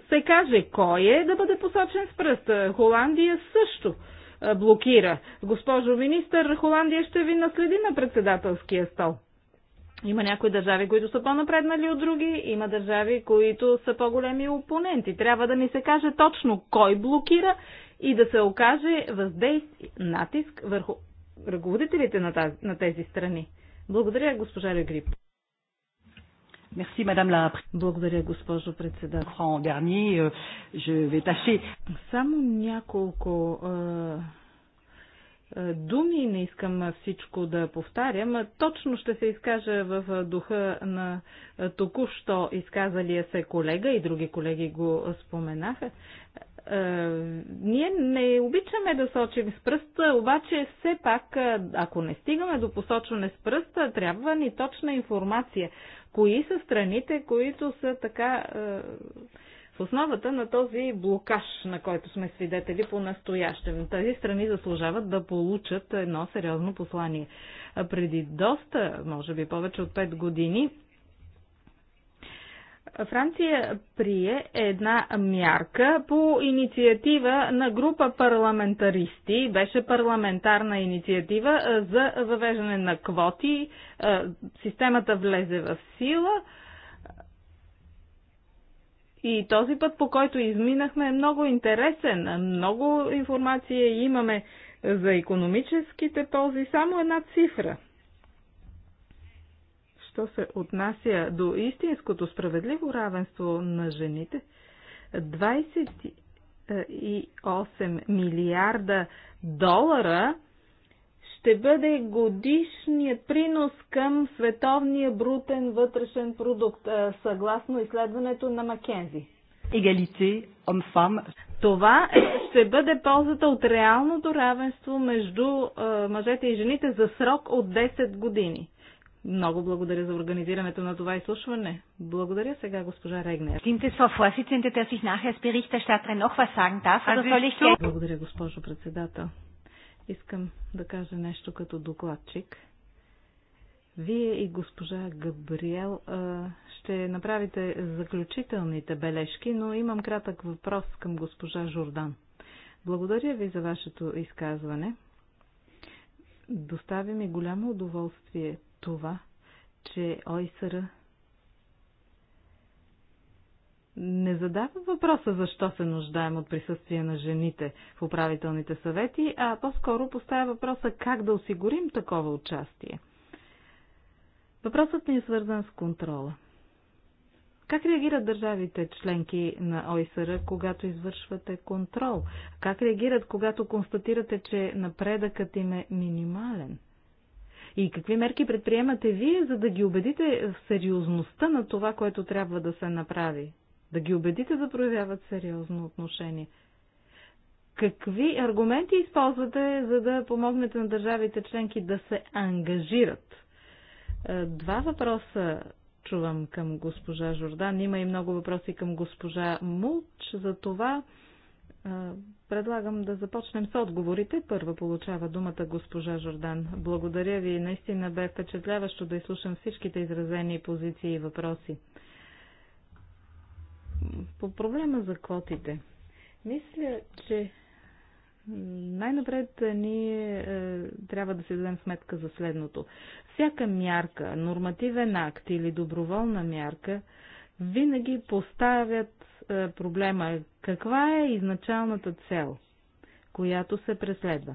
се каже кой е, да бъде посочен с пръст. Холандия също блокира. Госпожо министър, Холандия ще ви наследи на председателския стол. Има някои държави, които са по-напреднали от други, има държави, които са по-големи опоненти. Трябва да ни се каже точно кой блокира и да се окаже въздействие, натиск върху ръководителите на, тази, на тези страни. Благодаря, госпожа Легрип. Merci, madame la... Благодаря, госпожо председател. Euh, Само няколко думи, не искам всичко да повтарям. Точно ще се изкажа в духа на току-що изказалия се колега и други колеги го споменаха. Е, ние не обичаме да сочим с пръста, обаче все пак, е, ако не стигаме до посочване с пръста, е, трябва ни точна информация. Кои са страните, които са така е, в основата на този блокаж, на който сме свидетели по настоящем. Тези страни заслужават да получат едно сериозно послание. Преди доста, може би повече от 5 години, Франция прие една мярка по инициатива на група парламентаристи, беше парламентарна инициатива за въвеждане на квоти. Системата влезе в сила. И този път, по който изминахме, е много интересен. Много информация имаме за економическите този. Само една цифра – що се отнася до истинското справедливо равенство на жените, 28 милиарда долара ще бъде годишният принос към световния брутен вътрешен продукт, съгласно изследването на Макензи. Егалите, омфам. Това ще бъде ползата от реалното равенство между мъжете и жените за срок от 10 години. Много благодаря за организирането на това изслушване. Благодаря сега, госпожа Регнер. Благодаря, госпожо председател. Искам да кажа нещо като докладчик. Вие и госпожа Габриел ще направите заключителните бележки, но имам кратък въпрос към госпожа Жордан. Благодаря ви за вашето изказване. Достави ми голямо удоволствие това, че Ойсъра не задава въпроса защо се нуждаем от присъствие на жените в управителните съвети, а по-скоро поставя въпроса как да осигурим такова участие. Въпросът ни е свързан с контрола. Как реагират държавите членки на ОИСР, когато извършвате контрол? Как реагират, когато констатирате, че напредъкът им е минимален? И какви мерки предприемате вие, за да ги убедите в сериозността на това, което трябва да се направи? Да ги убедите да проявяват сериозно отношение? Какви аргументи използвате, за да помогнете на държавите членки да се ангажират? Е, два въпроса чувам към госпожа Жордан. Има и много въпроси към госпожа Мулч за това Предлагам да започнем с отговорите. Първа получава думата госпожа Жордан. Благодаря ви. Наистина бе впечатляващо да изслушам всичките изразени позиции и въпроси. По проблема за квотите. Мисля, че най-напред ние е, трябва да се дадем сметка за следното. Всяка мярка, нормативен акт или доброволна мярка, винаги поставят е, проблема е каква е изначалната цел, която се преследва.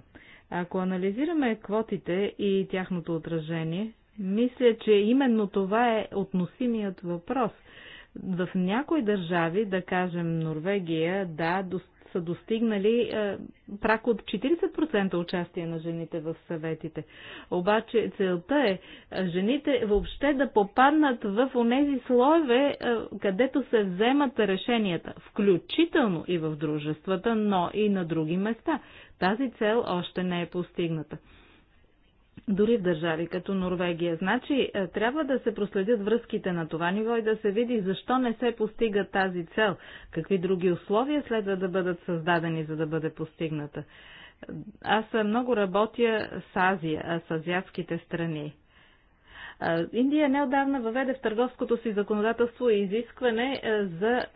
Ако анализираме квотите и тяхното отражение, мисля, че именно това е относимият въпрос. В някои държави, да кажем Норвегия, да, са достигнали е, прак от 40% участие на жените в съветите. Обаче целта е, е жените въобще да попаднат в онези слоеве, е, където се вземат решенията, включително и в дружествата, но и на други места. Тази цел още не е постигната дори в държави като Норвегия. Значи е, трябва да се проследят връзките на това ниво и да се види защо не се постига тази цел, какви други условия следва да бъдат създадени, за да бъде постигната. Аз е, много работя с Азия, е, с азиатските страни. Индия неодавна въведе в търговското си законодателство и изискване за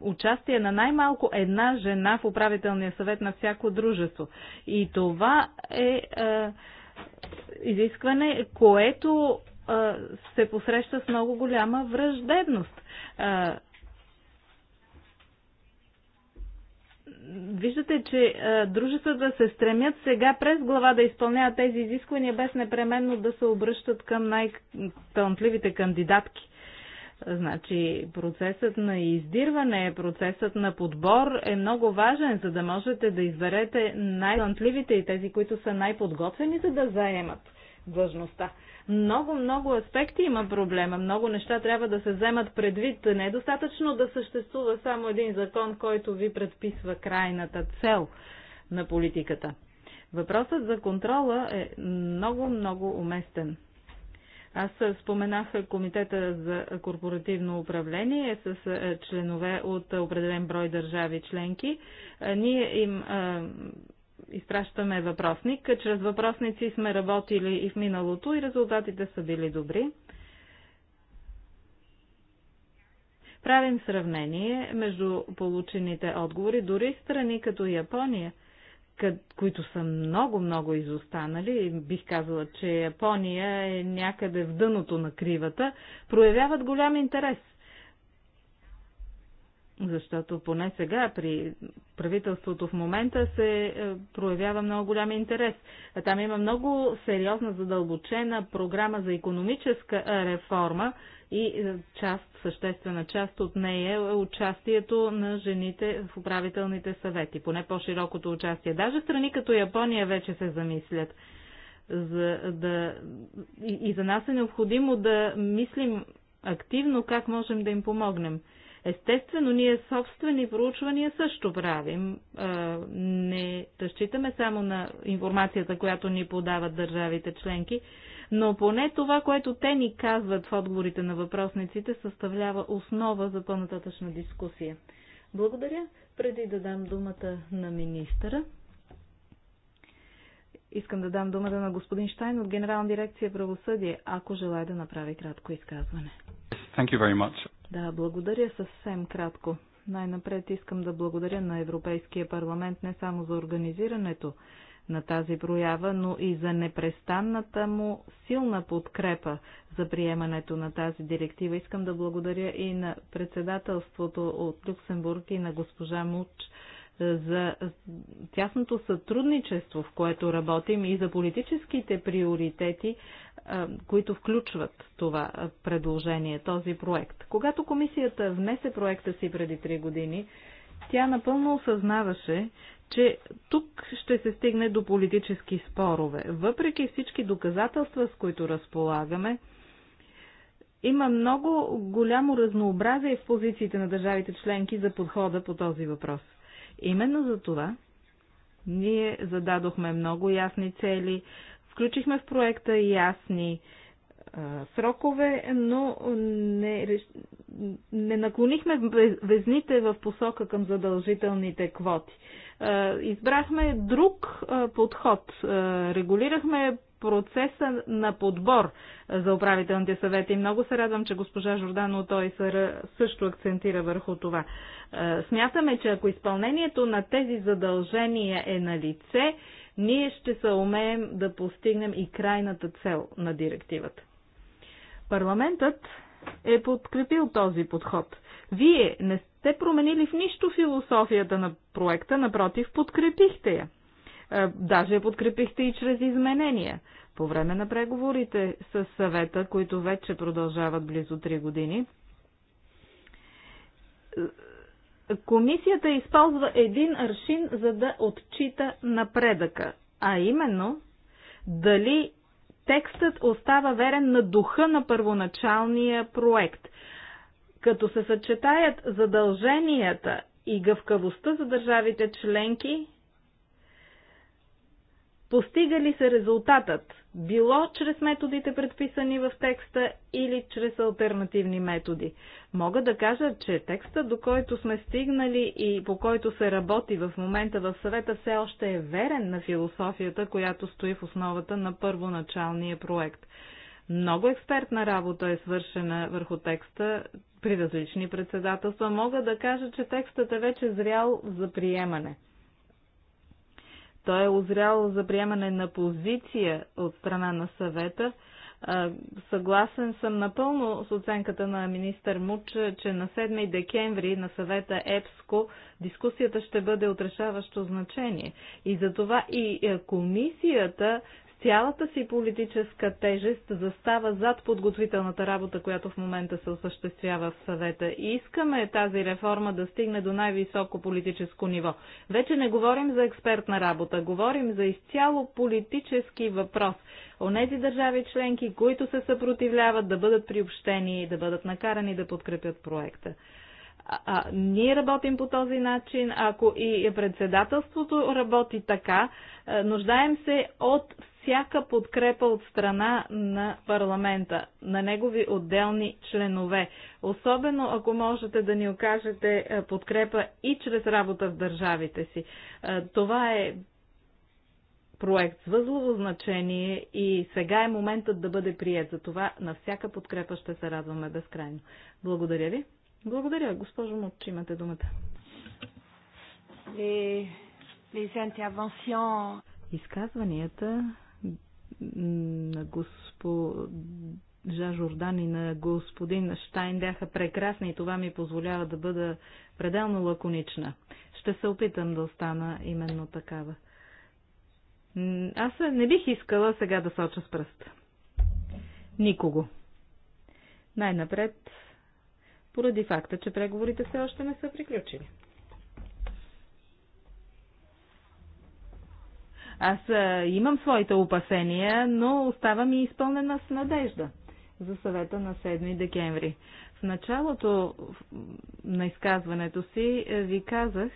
участие на най-малко една жена в управителния съвет на всяко дружество. И това е изискване, което се посреща с много голяма враждебност. Виждате, че дружествата се стремят сега през глава да изпълняват тези изисквания, без непременно да се обръщат към най-талантливите кандидатки. Значи процесът на издирване, процесът на подбор е много важен, за да можете да изберете най-талантливите и тези, които са най-подготвени, за да заемат длъжността. Много, много аспекти има проблема. Много неща трябва да се вземат предвид. Не е достатъчно да съществува само един закон, който ви предписва крайната цел на политиката. Въпросът за контрола е много, много уместен. Аз споменах Комитета за корпоративно управление с членове от определен брой държави членки. Ние им изпращаме въпросник. Чрез въпросници сме работили и в миналото и резултатите са били добри. Правим сравнение между получените отговори, дори страни като Япония – които са много-много изостанали, бих казала, че Япония е някъде в дъното на кривата, проявяват голям интерес. Защото поне сега при правителството в момента се е, проявява много голям интерес. А там има много сериозна задълбочена програма за економическа реформа, и е, част, съществена част от нея е участието на жените в управителните съвети, поне по-широкото участие. Даже страни като Япония вече се замислят. За да, и, и за нас е необходимо да мислим активно как можем да им помогнем. Естествено, ние собствени проучвания също правим. Е, не разчитаме само на информацията, която ни подават държавите членки но поне това, което те ни казват в отговорите на въпросниците, съставлява основа за по-нататъчна дискусия. Благодаря. Преди да дам думата на министъра, искам да дам думата на господин Штайн от Генерална дирекция правосъдие, ако желая да направи кратко изказване. Thank you very much. Да, благодаря съвсем кратко. Най-напред искам да благодаря на Европейския парламент не само за организирането на тази проява, но и за непрестанната му силна подкрепа за приемането на тази директива. Искам да благодаря и на председателството от Люксембург и на госпожа Муч е, за тясното сътрудничество, в което работим и за политическите приоритети, е, които включват това е, предложение, този проект. Когато комисията внесе проекта си преди три години, тя напълно осъзнаваше, че тук ще се стигне до политически спорове. Въпреки всички доказателства, с които разполагаме, има много голямо разнообразие в позициите на държавите членки за подхода по този въпрос. Именно за това ние зададохме много ясни цели, включихме в проекта ясни срокове, но не, не наклонихме везните в посока към задължителните квоти. Избрахме друг подход. Регулирахме процеса на подбор за управителните съвети. Много се радвам, че госпожа Жордано той също акцентира върху това. Смятаме, че ако изпълнението на тези задължения е на лице, ние ще се умеем да постигнем и крайната цел на директивата. Парламентът е подкрепил този подход. Вие не сте променили в нищо философията на проекта, напротив, подкрепихте я. Е, даже я подкрепихте и чрез изменения. По време на преговорите с съвета, които вече продължават близо 3 години, комисията използва един аршин, за да отчита напредъка, а именно дали текстът остава верен на духа на първоначалния проект. Като се съчетаят задълженията и гъвкавостта за държавите членки, Постига ли се резултатът, било чрез методите предписани в текста или чрез альтернативни методи? Мога да кажа, че текста, до който сме стигнали и по който се работи в момента в съвета, все още е верен на философията, която стои в основата на първоначалния проект. Много експертна работа е свършена върху текста при различни председателства. Мога да кажа, че текстът е вече зрял за приемане. Той е озрял за приемане на позиция от страна на съвета. Съгласен съм напълно с оценката на министър Муч, че на 7 декември на съвета ЕПСКО дискусията ще бъде отрешаващо значение. И затова и е, комисията цялата си политическа тежест застава зад подготвителната работа, която в момента се осъществява в съвета. И искаме тази реформа да стигне до най-високо политическо ниво. Вече не говорим за експертна работа, говорим за изцяло политически въпрос. Онези държави членки, които се съпротивляват да бъдат приобщени и да бъдат накарани да подкрепят проекта. А, ние работим по този начин, ако и председателството работи така, а, е, нуждаем се от всяка подкрепа от страна на парламента, на негови отделни членове. Особено ако можете да ни окажете е, подкрепа и чрез работа в държавите си. Е, това е проект с възлово значение и сега е моментът да бъде прият. За това на всяка подкрепа ще се радваме безкрайно. Благодаря ви. Благодаря. Госпожо Мот, имате думата. Изказванията на госпожа Жордан и на господин Штайн бяха прекрасни и това ми позволява да бъда пределно лаконична. Ще се опитам да остана именно такава. Аз не бих искала сега да соча с пръст. Никого. Най-напред поради факта, че преговорите все още не са приключили. Аз имам своите опасения, но оставам и изпълнена с надежда за съвета на 7 декември. В началото на изказването си е, ви казах,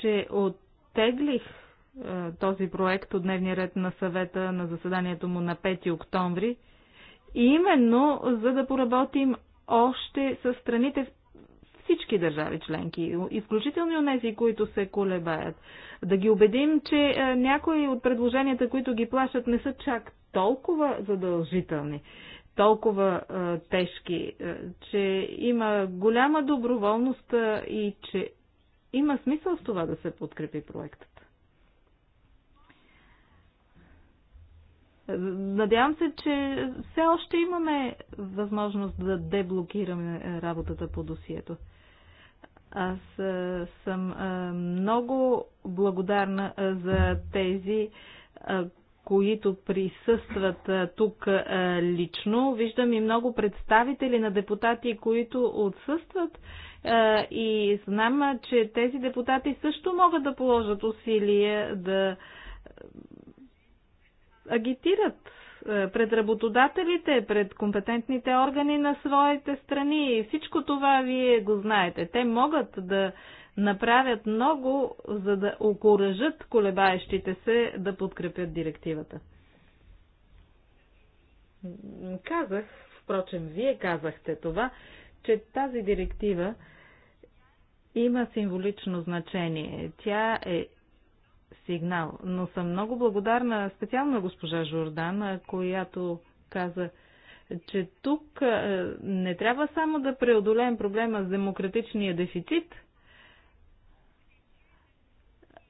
че оттеглих е, този проект от дневния ред на съвета на заседанието му на 5 октомври, и именно за да поработим още с страните всички държави членки, изключително и онези, които се колебаят. Да ги убедим, че е, някои от предложенията, които ги плащат, не са чак толкова задължителни, толкова е, тежки, е, че има голяма доброволност е, и че има смисъл с това да се подкрепи проектът. Надявам се, че все още имаме възможност да деблокираме е, работата по досието. Аз е, съм е, много благодарна за тези, които присъстват тук лично. Виждам и много представители на депутати, които отсъстват и знам, че тези депутати също могат да положат усилия да агитират е, пред работодателите, пред компетентните органи на своите страни. И всичко това вие го знаете. Те могат да направят много, за да окоръжат колебаещите се да подкрепят директивата. Казах, впрочем, вие казахте това, че тази директива има символично значение. Тя е сигнал. Но съм много благодарна специално на госпожа Жордан, която каза, че тук не трябва само да преодолеем проблема с демократичния дефицит.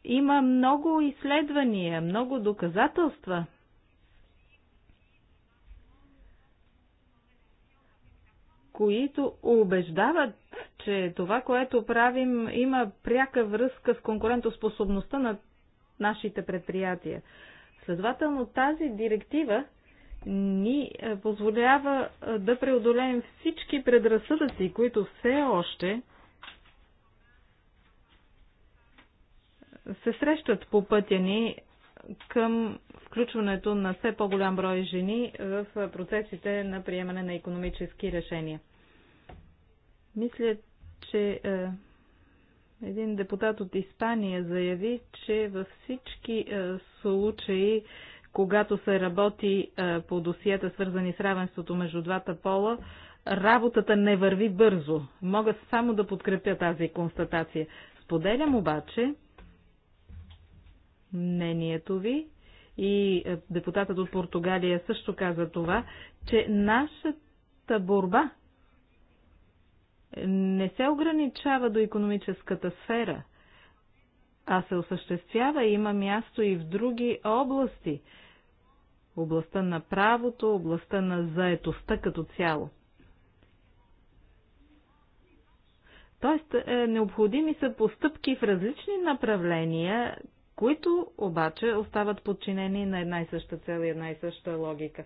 Има много изследвания, много доказателства. които убеждават, че това, което правим, има пряка връзка с конкурентоспособността на нашите предприятия. Следователно тази директива ни е, позволява е, да преодолеем всички предразсъдъци, които все още е, се срещат по пътя ни към включването на все по-голям брой жени в процесите на приемане на економически решения. Мисля, че един депутат от Испания заяви, че във всички е, случаи, когато се работи е, по досията, свързани с равенството между двата пола, работата не върви бързо. Мога само да подкрепя тази констатация. Споделям обаче мнението ви и е, депутатът от Португалия също каза това, че нашата борба не се ограничава до економическата сфера, а се осъществява и има място и в други области областта на правото, областта на заетостта като цяло. Тоест, е, необходими са постъпки в различни направления, които обаче остават подчинени на една и съща цел и една и съща логика.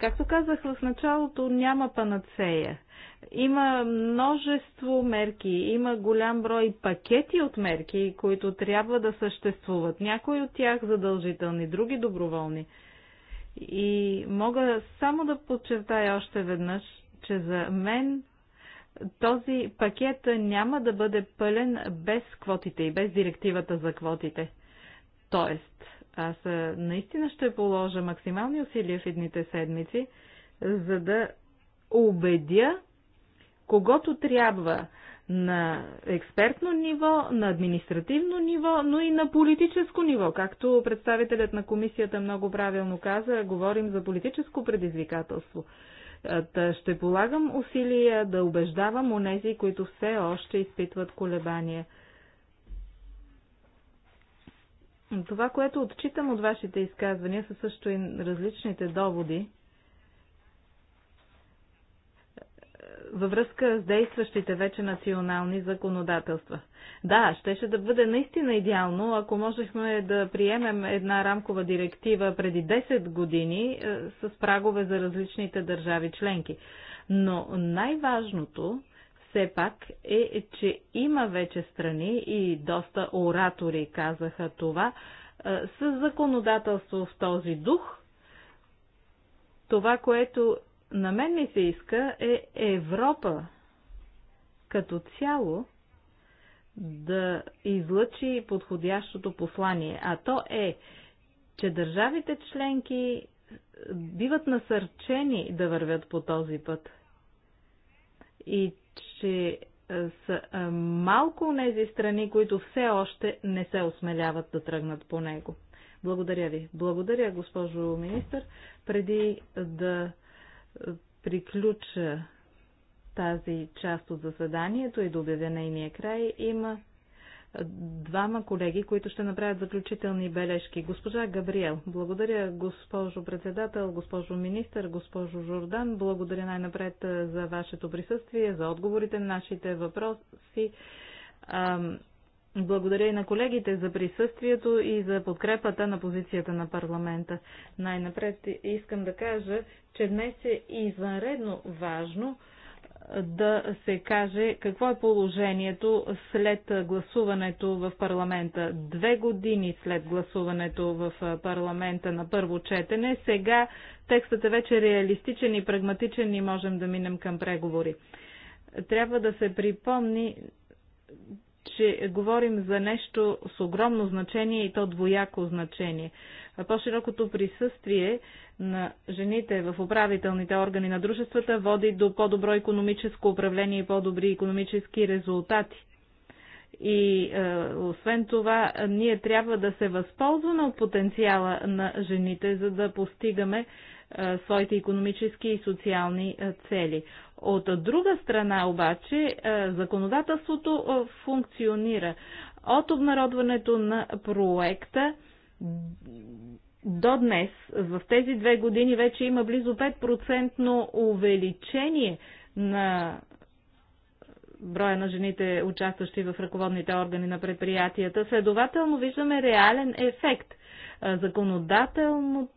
Както казах в началото, няма панацея. Има множество мерки, има голям брой пакети от мерки, които трябва да съществуват. Някои от тях задължителни, други доброволни. И мога само да подчертая още веднъж, че за мен този пакет няма да бъде пълен без квотите и без директивата за квотите. Тоест, аз наистина ще положа максимални усилия в едните седмици, за да убедя когото трябва на експертно ниво, на административно ниво, но и на политическо ниво. Както представителят на комисията много правилно каза, говорим за политическо предизвикателство. Ще полагам усилия да убеждавам онези, които все още изпитват колебания – това, което отчитам от вашите изказвания, са също и различните доводи във връзка с действащите вече национални законодателства. Да, щеше да бъде наистина идеално, ако можехме да приемем една рамкова директива преди 10 години е, с прагове за различните държави членки. Но най-важното все пак е, че има вече страни и доста оратори казаха това, с законодателство в този дух. Това, което на мен ми се иска е Европа като цяло да излъчи подходящото послание, а то е, че държавите членки биват насърчени да вървят по този път. И че е, са е, малко тези страни, които все още не се осмеляват да тръгнат по него. Благодаря ви. Благодаря, госпожо министр. Преди да е, приключа тази част от заседанието и до обявя нейния край, има двама колеги, които ще направят заключителни бележки. Госпожа Габриел, благодаря госпожо председател, госпожо министър, госпожо Жордан, благодаря най-напред за вашето присъствие, за отговорите на нашите въпроси. Благодаря и на колегите за присъствието и за подкрепата на позицията на парламента. Най-напред искам да кажа, че днес е извънредно важно да се каже какво е положението след гласуването в парламента. Две години след гласуването в парламента на първо четене, сега текстът е вече реалистичен и прагматичен и можем да минем към преговори. Трябва да се припомни, че говорим за нещо с огромно значение и то двояко значение по-широкото присъствие на жените в управителните органи на дружествата води до по-добро економическо управление и по-добри економически резултати. И е, освен това, ние трябва да се възползваме от потенциала на жените, за да постигаме е, своите економически и социални е, цели. От друга страна обаче, е, законодателството е, функционира. От обнародването на проекта до днес, в тези две години, вече има близо 5% увеличение на броя на жените, участващи в ръководните органи на предприятията. Следователно виждаме реален ефект. Законодателният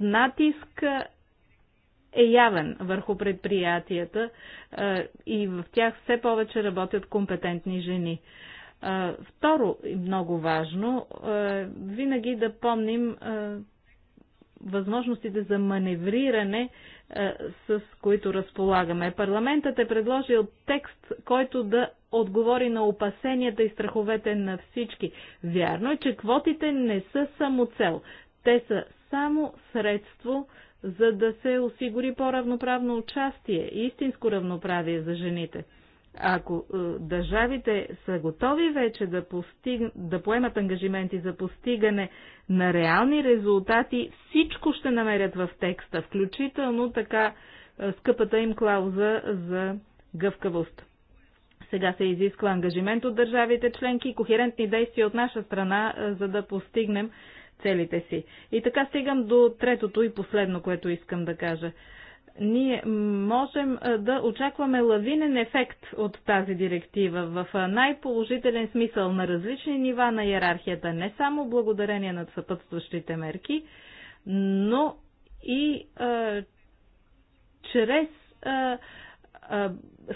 натиск е явен върху предприятията и в тях все повече работят компетентни жени. Второ, и много важно, винаги да помним възможностите за маневриране, с които разполагаме. Парламентът е предложил текст, който да отговори на опасенията и страховете на всички. Вярно е, че квотите не са само цел. Те са само средство, за да се осигури по-равноправно участие и истинско равноправие за жените. Ако е, държавите са готови вече да, постиг... да поемат ангажименти за постигане на реални резултати, всичко ще намерят в текста, включително така е, скъпата им клауза за гъвкавост. Сега се изисква ангажимент от държавите членки и кохерентни действия от наша страна, е, за да постигнем целите си. И така стигам до третото и последно, което искам да кажа ние можем да очакваме лавинен ефект от тази директива в най-положителен смисъл на различни нива на иерархията, не само благодарение на съпътстващите мерки, но и а, чрез а, а,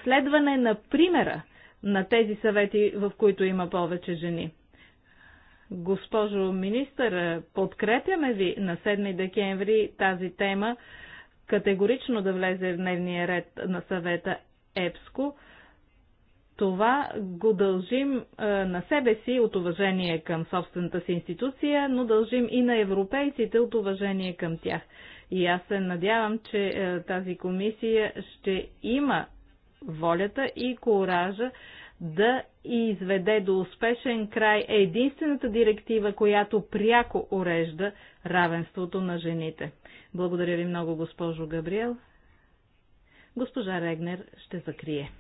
следване на примера на тези съвети, в които има повече жени. Госпожо министър, подкрепяме ви на 7 декември тази тема категорично да влезе в дневния ред на съвета ЕПСКО. Това го дължим на себе си от уважение към собствената си институция, но дължим и на европейците от уважение към тях. И аз се надявам, че тази комисия ще има волята и коража да изведе до успешен край единствената директива, която пряко урежда равенството на жените. Благодаря ви много, госпожо Габриел. Госпожа Регнер ще закрие.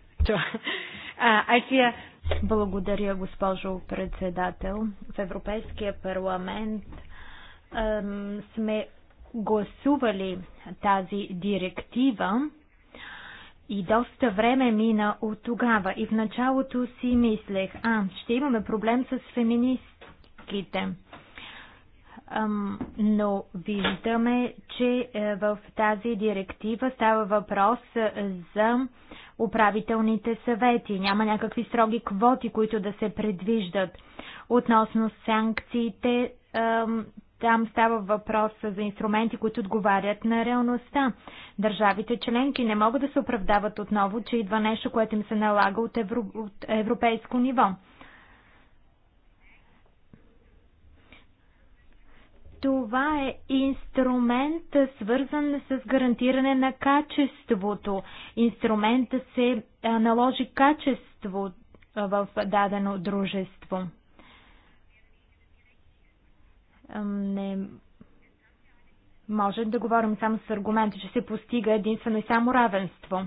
Благодаря, госпожо председател. В Европейския парламент ем, сме гласували тази директива и доста време мина от тогава. И в началото си мислех, а, ще имаме проблем с феминистките но виждаме, че е, в тази директива става въпрос е, за управителните съвети. Няма някакви строги квоти, които да се предвиждат. Относно санкциите, там става въпрос за инструменти, които отговарят на реалността. Държавите членки не могат да се оправдават отново, че идва нещо, което им се налага от, европейско ниво. Това е инструмент, е свързан с гарантиране на качеството. Инструментът се наложи качество в дадено дружество. Не можем да говорим само с аргумента, че се постига единствено и само равенство.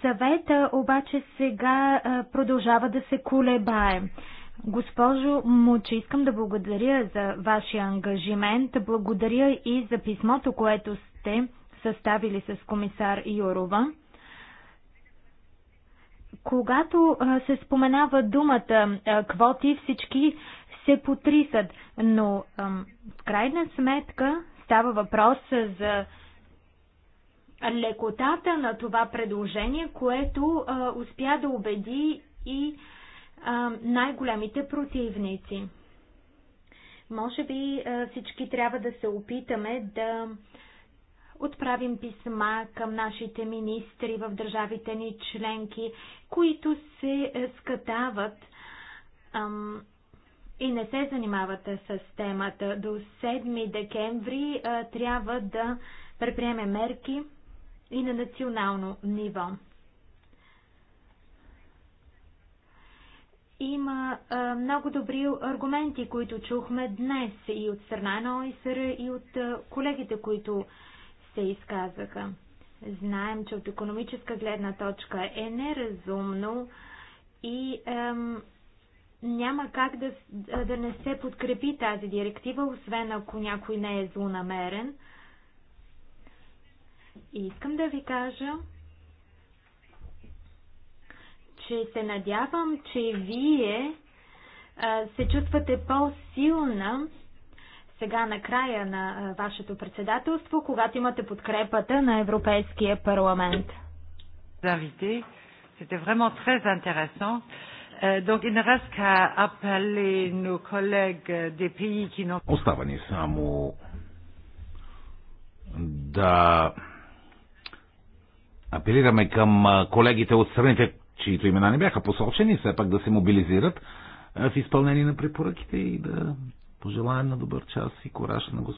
Съвета обаче сега продължава да се колебае. Госпожо Муче, искам да благодаря за вашия ангажимент. Благодаря и за писмото, което сте съставили с комисар Юрова. Когато се споменава думата квоти, всички се потрисат, но в крайна сметка става въпрос за лекотата на това предложение, което успя да убеди и а, най-големите противници. Може би всички трябва да се опитаме да отправим писма към нашите министри в държавите ни членки, които се е, скатават ам, и не се занимават е, с темата. До 7 декември а, е, трябва да предприеме мерки и на национално ниво. Има а, много добри аргументи, които чухме днес и от страна на ОИСР, и от а, колегите, които се изказаха. Знаем, че от економическа гледна точка е неразумно и ем, няма как да, да не се подкрепи тази директива, освен ако някой не е злонамерен. И искам да ви кажа, че се надявам, че вие а, се чувствате по-силна сега на края на а, вашето председателство, когато имате подкрепата на Европейския парламент. Завите, c'était vraiment très intéressant. Euh, donc il ne reste qu'à appeler nos collègues des pays qui n'ont Остава ни само да апелираме към колегите от страните, чието имена не бяха посочени, все пак да се мобилизират в изпълнение на препоръките и да пожелаем на добър час и кораж на господин.